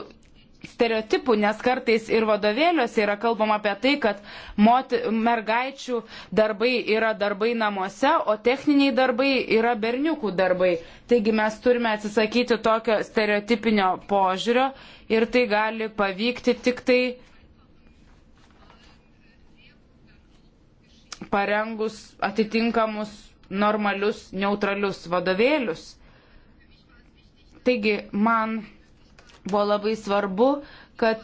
stereotipų, nes kartais ir vadovėliuose yra kalbama apie tai, kad moti, mergaičių darbai yra darbai namuose, o techniniai darbai yra berniukų darbai. Taigi mes turime atsisakyti tokio stereotipinio požiūrio ir tai gali pavykti tik tai parengus atitinkamus normalius, neutralius vadovėlius. Taigi man buvo labai svarbu, kad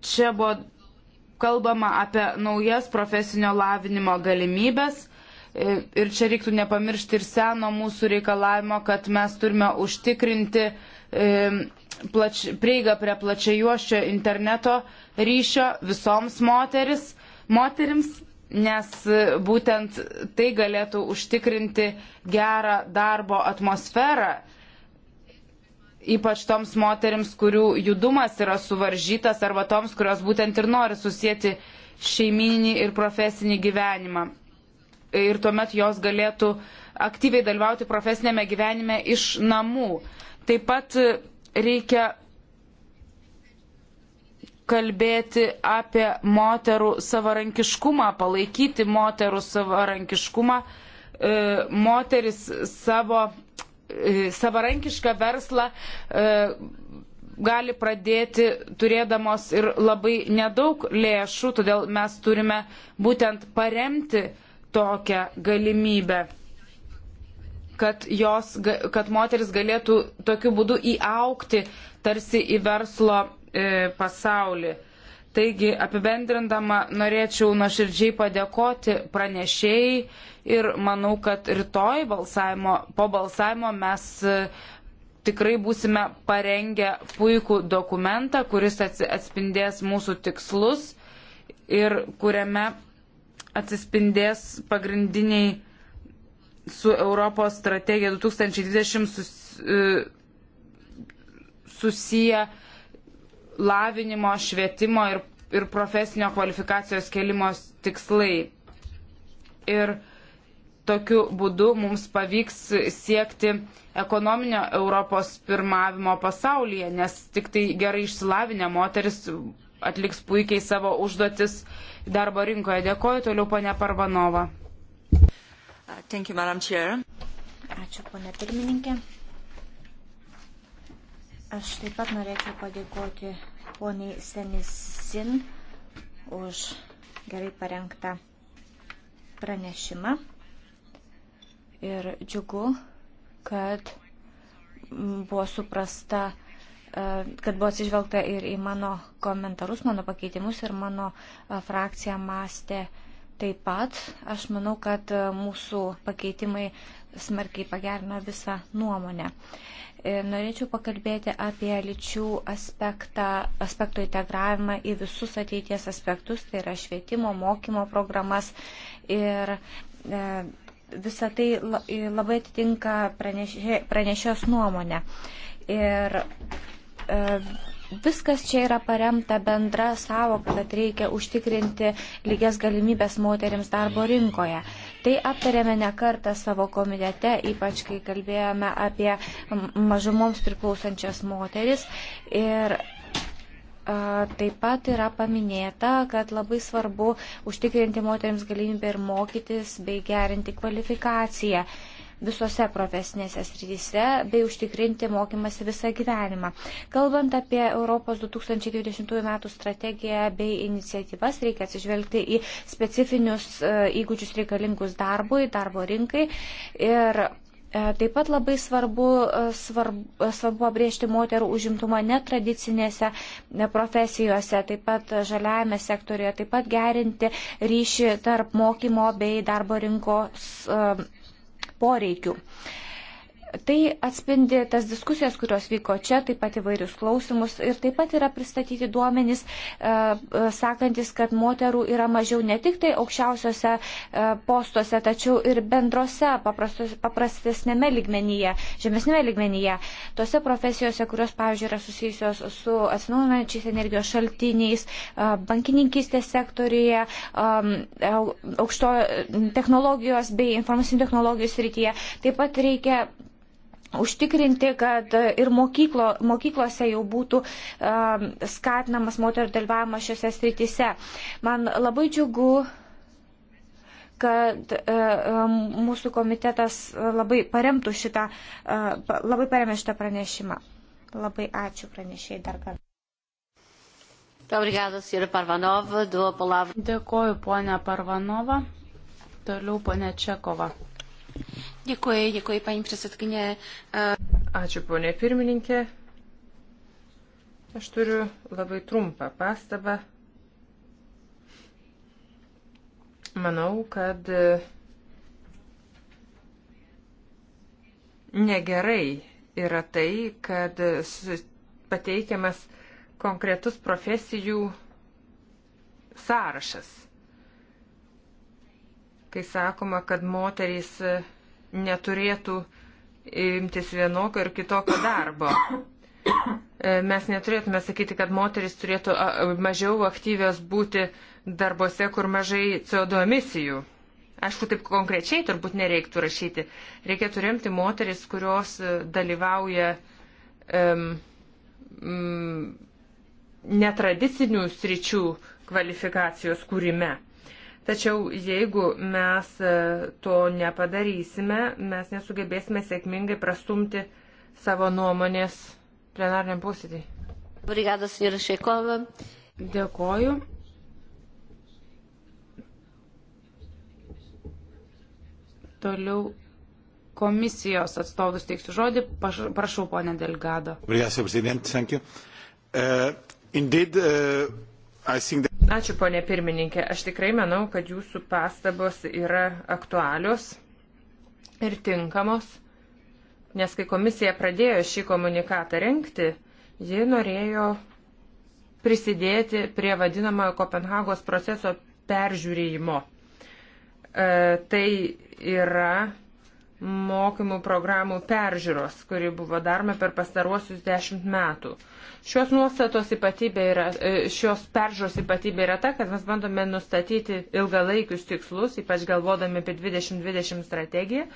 čia buvo kalbama apie naujas profesinio lavinimo galimybės. Ir čia reiktų nepamiršti ir seno mūsų reikalavimo, kad mes turime užtikrinti plač, prieigą prie plačiajuoščio interneto ryšio visoms moteris, moterims, nes e, būtent tai galėtų užtikrinti gerą darbo atmosferą ypač toms moterims, kurių judumas yra suvaržytas arba toms, kurios būtent ir nori susijęti šeimininį ir profesinį gyvenimą. Ir tuomet jos galėtų aktyviai dalyvauti profesinėme gyvenime iš namų. Taip pat reikia kalbėti apie moterų savarankiškumą, palaikyti moterų savarankiškumą. E, moteris savo E, savarankišką verslą e, gali pradėti turėdamos ir labai nedaug lėšų, todėl mes turime būtent paremti tokią galimybę, kad, jos, kad moteris galėtų tokiu būdu įaukti tarsi į verslo e, pasaulį. Taigi, apibendrindama, norėčiau nuoširdžiai padėkoti pranešėjai ir manau, kad rytoj balsavimo, po balsavimo mes e, tikrai būsime parengę puikų dokumentą, kuris atspindės mūsų tikslus ir kuriame atsispindės pagrindiniai su Europos strategija 2020 sus, e, susiję lavinimo, švietimo ir, ir profesinio kvalifikacijos kelimos tikslai. Ir tokiu būdu mums pavyks siekti ekonominio Europos pirmavimo pasaulyje, nes tik tai gerai išsilavinę moteris atliks puikiai savo užduotis darbo rinkoje. Dėkoju toliau, ponė Parvanova. Uh, thank you, Madam Chair. Ačiū, ponė pirmininkė. Aš taip pat norėčiau padėkoti poniai Senisin už gerai parengtą pranešimą. Ir džiugu, kad buvo suprasta, e, kad buvo atsižvelgta ir į mano komentarus, mano pakeitimus ir mano e, frakcija mąstė taip pat. Aš manau, kad e, mūsų pakeitimai smarkiai pagerino visą nuomonę. E, norėčiau pakalbėti apie lyčių aspektą, aspekto integravimą į visus ateities aspektus, tai yra švietimo, mokymo programas ir e, visa tai labai atitinka pranešė, pranešios nuomonę. Ir e, viskas čia yra paremta bendra savoka, kad reikia užtikrinti lygias galimybės moteriams darbo rinkoje. E, Tai aptarėme ne kartą savo komitete, ypač kai kalbėjome apie mažumoms priklausančias moteris. Ir Taip pat yra paminėta, kad labai svarbu užtikrinti moteriams galimybę ir mokytis bei gerinti kvalifikaciją. Uh, visose profesinėse srityse bei užtikrinti mokymasi visą gyvenimą. Kalbant apie Europos 2020 m. strategiją bei iniciatyvas, reikia atsižvelgti į specifinius e, įgūdžius reikalingus darbui, darbo rinkai ir e, Taip pat labai svarbu, e, svarbu, svarbu abriežti moterų užimtumą netradicinėse profesijose, taip pat žaliajame sektorijoje, taip pat gerinti ryšį tarp mokymo bei darbo rinkos poreikių. Tai atspindi tas diskusijas, kurios vyko čia, taip pat įvairius klausimus ir taip pat yra pristatyti duomenys, e, e, sakantis, kad moterų yra mažiau ne tik tai aukščiausiose e, postuose, tačiau ir bendrose, paprastesnėme lygmenyje, žemesnėme lygmenyje, tose profesijose, kurios, pavyzdžiui, yra susijusios su atsinaujinančiais energijos šaltiniais, bankininkystės sektoriuje, aukšto technologijos bei informacinių technologijų srityje. Taip pat reikia užtikrinti, kad ir mokyklo, mokyklose jau būtų um, skatinamas moterų dalyvavimas šiuose srityse. Man labai džiugu, kad e, um, mūsų komitetas labai paremtų šitą, uh, labai paremė šitą pranešimą. Labai ačiū pranešėjai dar kartą. Dėkoju, ponia Parvanova. Toliau ponia Čekova. Děkuji, děkuji, paní předsedkyně. Ačiū, ponė pirmininkė. Aš turiu labai trumpą pastabą. Manau, kad e, negerai yra tai, kad pateikiamas konkretus profesijų sąrašas kai sakoma, kad moterys e, neturėtų imtis vienokio ir kitokio darbo. E, mes neturėtume sakyti, kad moteris turėtų mažiau aktyvios būti darbose, kur mažai CO2 emisijų. Aišku, taip konkrečiai turbūt nereiktų rašyti. Reikėtų remti moteris, kurios e, dalyvauja um, um, netradicinių sričių kvalifikacijos kūrime. Tačiau jeigu mes e, to nepadarysime, mes nesugebėsime sėkmingai prastumti savo nuomonės plenariniam posėdį. Brigadas ir Šeikova. Dėkoju. Toliau komisijos atstovus teiksiu žodį. Prašau, ponė Delgado. Brigadas, prezident, thank you. Uh, indeed, uh... Ačiū, ponė pirmininkė. Aš tikrai manau, kad jūsų pastabos yra aktualios ir tinkamos, nes kai komisija pradėjo šį komunikatą renkti, ji norėjo prisidėti prie vadinamojo Kopenhagos proceso peržiūrėjimo. E, tai yra mokymų programų peržiūros, kuri buvo daroma per pastaruosius dešimt metų. Šios nuostatos ypatybė yra, e, šios peržiūros ypatybė yra ta, kad mes bandome nustatyti ilgalaikius tikslus, ypač galvodami apie 2020 strategiją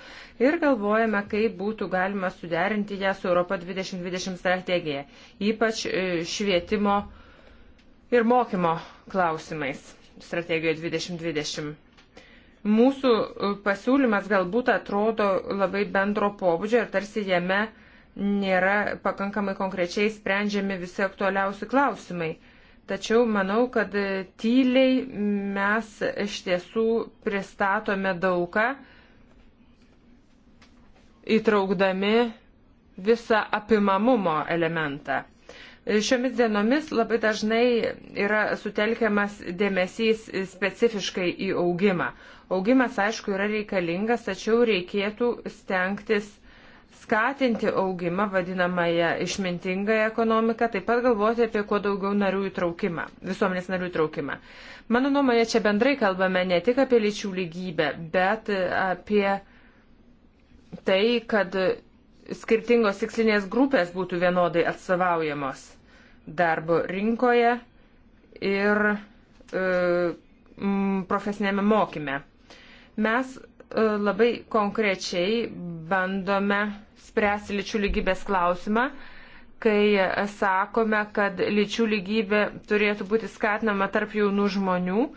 ir galvojame, kaip būtų galima suderinti ją su Europa 2020 strategija, ypač e, švietimo ir mokymo klausimais strategijoje 2020. Mūsų e, pasiūlymas galbūt atrodo labai bendro pobūdžio ir tarsi jame nėra pakankamai konkrečiai sprendžiami visi aktualiausi klausimai. Tačiau manau, kad e, tyliai mes iš tiesų pristatome daugą, įtraukdami visą apimamumo elementą. Šiomis dienomis labai dažnai yra sutelkiamas dėmesys specifiškai į augimą. Augimas, aišku, yra reikalingas, tačiau reikėtų stengtis skatinti augimą, vadinamąją išmintingąją ekonomiką, taip pat galvoti apie kuo daugiau narių įtraukimą, visuomenės narių įtraukimą. Mano nuomonė, čia bendrai kalbame ne tik apie lyčių lygybę, bet apie tai, kad skirtingos tikslinės grupės būtų vienodai atstovaujamos darbo rinkoje ir e, profesinėme mokyme. Mes e, labai konkrečiai bandome spręsti lyčių lygybės klausimą, kai sakome, kad lyčių lygybė turėtų būti skatinama tarp jaunų žmonių,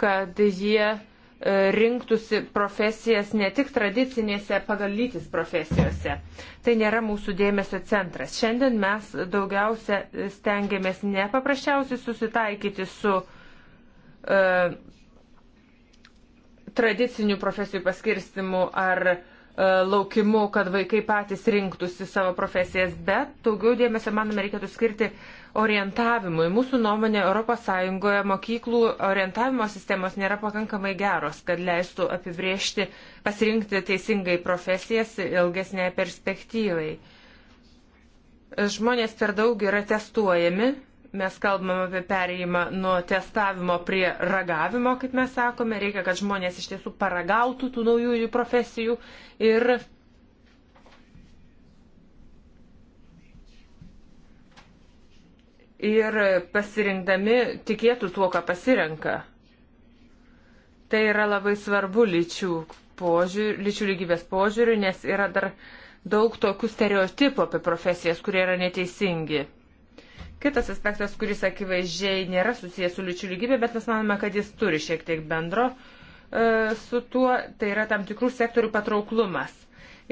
kad jie E, rinktųsi profesijas ne tik tradicinėse pagal lytis profesijose. Tai nėra mūsų dėmesio centras. Šiandien mes daugiausia stengiamės nepaprasčiausiai susitaikyti su uh, tradicinių profesijų paskirstimu ar uh, laukimu, kad vaikai patys rinktųsi savo profesijas, bet daugiau dėmesio, manome, reikėtų skirti uh, orientavimui. Mūsų nuomonė ES mokyklų orientavimo sistemos nėra pakankamai geros, kad leistų apibriežti, pasirinkti teisingai profesijas ilgesnėje perspektyvai. Žmonės per daug yra testuojami. Mes kalbam apie perėjimą nuo testavimo prie ragavimo, kaip mes sakome. Reikia, kad žmonės iš tiesų paragautų tų naujųjų profesijų ir ir pasirinkdami tikėtų tuo, ką pasirenka. Tai yra labai svarbu lyčių, požiūr, lyčių lygybės požiūrių, nes yra dar daug tokių stereotipų apie profesijas, kurie yra neteisingi. Kitas aspektas, kuris akivaizdžiai nėra susijęs su lyčių lygybė, bet mes manome, kad jis turi šiek tiek bendro e, su tuo, tai yra tam tikrų sektorių patrauklumas.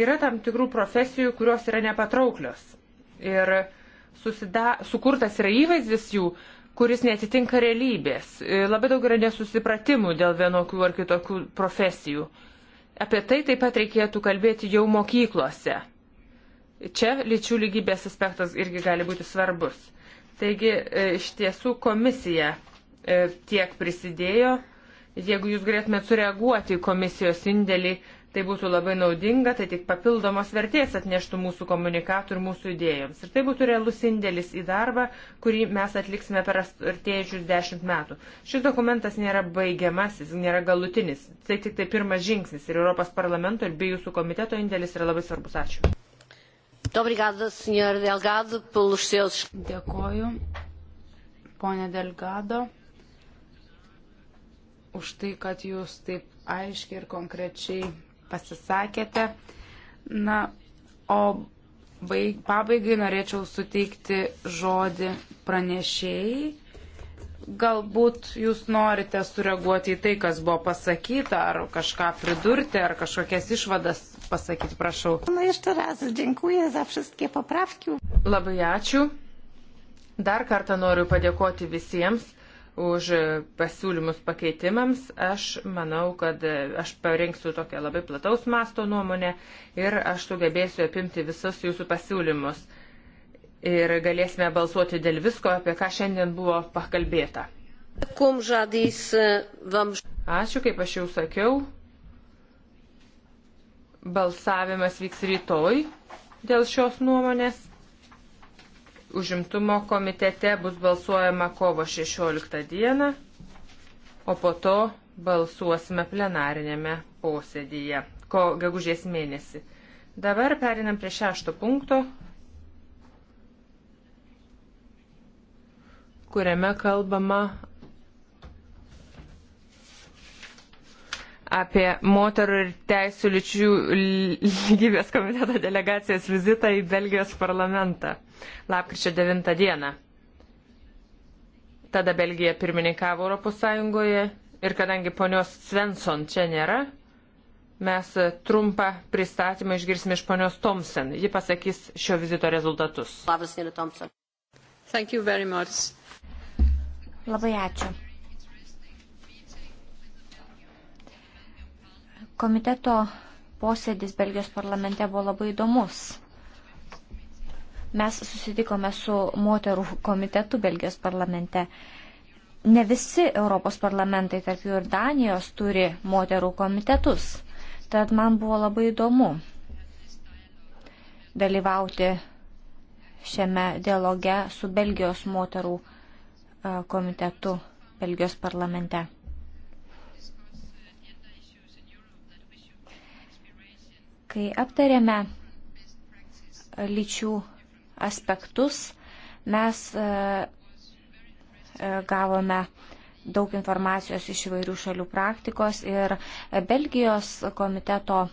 Yra tam tikrų profesijų, kurios yra nepatrauklios. Ir e, susida, sukurtas yra įvaizdis jų, kuris netitinka realybės. E, labai daug yra nesusipratimų dėl vienokių ar kitokių profesijų. Apie tai taip pat reikėtų kalbėti jau mokyklose. Čia lyčių lygybės aspektas irgi gali būti svarbus. Taigi e, iš tiesų komisija e, tiek prisidėjo. Jeigu jūs galėtumėte sureaguoti į komisijos indėlį Tai būtų labai naudinga, tai tik papildomos vertės atneštų mūsų komunikatų ir mūsų idėjoms. Ir tai būtų realus indėlis į darbą, kurį mes atliksime per artėjančius dešimt metų. Šis dokumentas nėra baigiamasis, nėra galutinis. Tai tik tai pirmas žingsnis ir Europos parlamento ir bei jūsų komiteto indėlis yra labai svarbus. Ačiū. Dėkoju, ponė Delgado, už tai, kad jūs taip aiškiai ir konkrečiai pasisakėte. Na, o baig, pabaigai norėčiau suteikti žodį pranešėjai. Galbūt jūs norite sureaguoti į tai, kas buvo pasakyta, ar kažką pridurti, ar kažkokias išvadas pasakyti, prašau. Na, iš teraz dėkuoju za wszystkie poprawki. Labai ačiū. Dar kartą noriu padėkoti visiems už pasiūlymus pakeitimams. Aš manau, kad aš parengsiu tokią labai plataus masto nuomonę ir aš sugebėsiu apimti visus jūsų pasiūlymus. Ir galėsime balsuoti dėl visko, apie ką šiandien buvo pakalbėta. E, Ačiū, kaip aš jau sakiau. Balsavimas vyks rytoj dėl šios nuomonės. Užimtumo komitete bus balsuojama kovo 16 dieną, o po to balsuosime plenarinėme posėdyje, ko gegužės mėnesį. Dabar perinam prie šešto punkto, kuriame kalbama apie moterų ir teisų lyčių lygybės komiteto delegacijos vizitą į Belgijos parlamentą lapkričio 9 dieną. Tada Belgija pirmininkavo ES ir kadangi ponios Svensson čia nėra, mes trumpą pristatymą išgirsime iš ponios Thompson. Ji pasakys šio vizito rezultatus. Labas, Nina Thompson. Labai ačiū. Komiteto posėdis Belgijos parlamente buvo labai įdomus. Mes susitikome su moterų komitetu Belgijos parlamente. Ne visi Europos parlamentai, tarp jų ir Danijos, turi moterų komitetus. Tad man buvo labai įdomu dalyvauti šiame dialoge su Belgijos moterų e, komitetu Belgijos parlamente. kai aptarėme lyčių aspektus. Mes e, e, gavome daug informacijos iš įvairių šalių praktikos ir Belgijos komiteto e,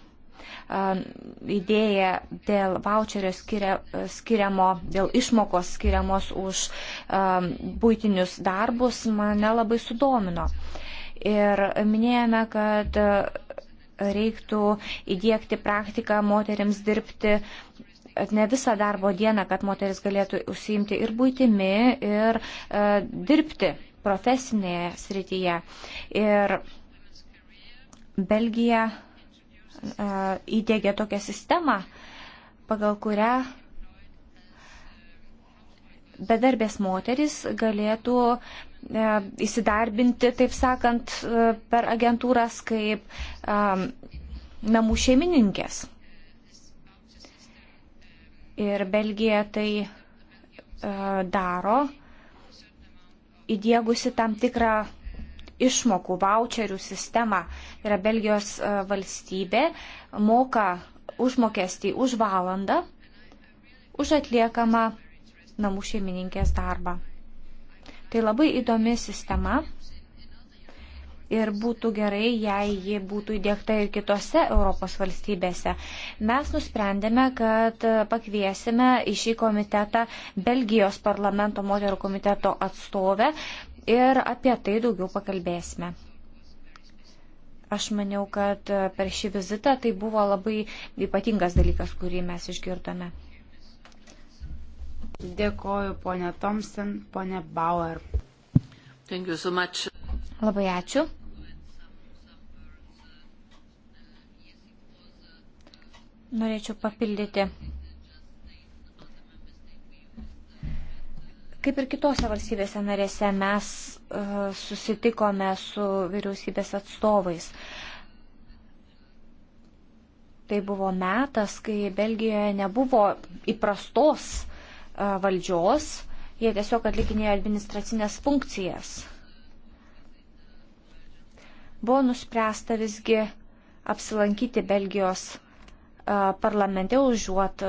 idėja dėl voucherio skiria, skiriamo, dėl išmokos skiriamos už um, būtinius darbus mane labai sudomino. Ir minėjome, kad reiktų įdėkti praktiką moteriams dirbti ne visą darbo dieną, kad moteris galėtų užsiimti ir būtimi, ir e, dirbti profesinėje srityje. Ir Belgija e, įdėgė tokią sistemą, pagal kurią bedarbės moteris galėtų e, įsidarbinti, taip sakant, e, per agentūras kaip e, namų šeimininkės. Ir Belgija tai e, daro, įdėgusi tam tikrą išmokų voucherių sistemą. Tai yra Belgijos e, valstybė moka užmokestį už valandą, už atliekamą namų šeimininkės darbą. Tai labai įdomi sistema ir būtų gerai, jei ji būtų įdėkta ir kitose Europos valstybėse. Mes nusprendėme, kad pakviesime į šį komitetą Belgijos parlamento moterų komiteto atstovę ir apie tai daugiau pakalbėsime. Aš maniau, kad per šį vizitą tai buvo labai ypatingas dalykas, kurį mes išgirdome. Dėkoju, ponė Thompson, ponė Bauer. So much. Labai ačiū. Norėčiau papildyti. Kaip ir kitose valstybėse narėse mes uh, susitikome su vyriausybės atstovais. Tai buvo metas, kai Belgijoje nebuvo įprastos uh, valdžios, jie tiesiog atlikinėjo administracinės funkcijas. Buvo nuspręsta visgi apsilankyti Belgijos parlamente užuot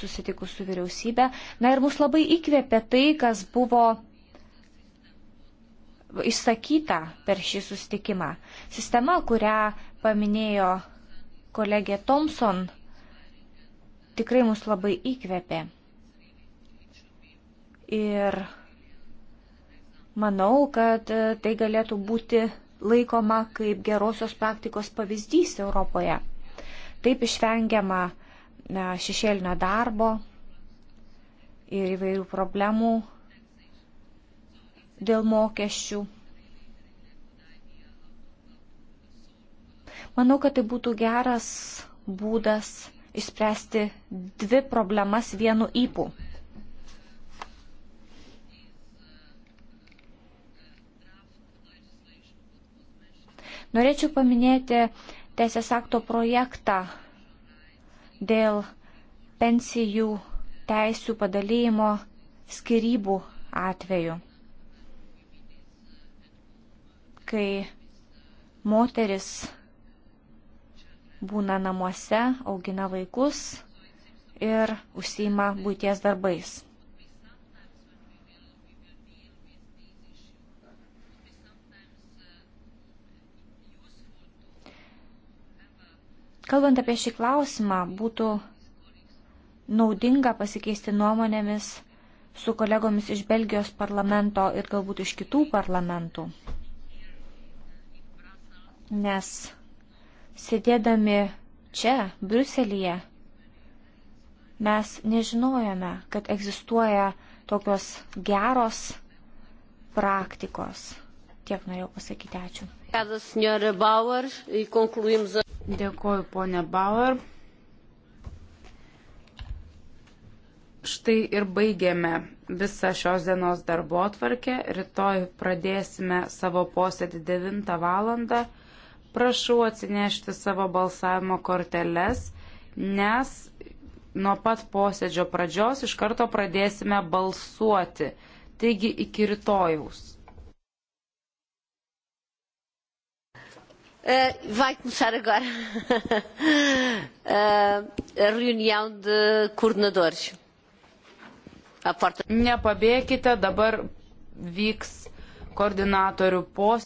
susitikus su vyriausybė. Na ir mus labai įkvėpė tai, kas buvo išsakyta per šį susitikimą. Sistema, kurią paminėjo kolegė Thompson, tikrai mus labai įkvėpė. Ir manau, kad e, tai galėtų būti laikoma kaip gerosios praktikos pavyzdys Europoje. Taip išvengiama šešėlinio darbo ir įvairių problemų dėl mokesčių. Manau, kad tai būtų geras būdas išspręsti dvi problemas vienu įpū. Norėčiau paminėti teisės akto projektą dėl pensijų teisių padalymo skirybų atveju, kai moteris būna namuose, augina vaikus ir užsima būties darbais. Kalbant apie šį klausimą, būtų naudinga pasikeisti nuomonėmis su kolegomis iš Belgijos parlamento ir galbūt iš kitų parlamentų. Nes sėdėdami čia, Bruselėje, mes nežinojome, kad egzistuoja tokios geros praktikos. Tiek norėjau pasakyti ačiū. E Dėkoju, ponė Bauer. Štai ir baigėme visą šios dienos darbo atvarkę. Rytoj pradėsime savo posėdį 9 valandą. Prašau atsinešti savo balsavimo korteles, nes nuo pat posėdžio pradžios iš karto pradėsime balsuoti. Taigi iki rytojaus. Uh, vai começar agora uh, a reunião de coordenadores. Porta... Nepabėkite, dabar vyks koordinatorių posėdis.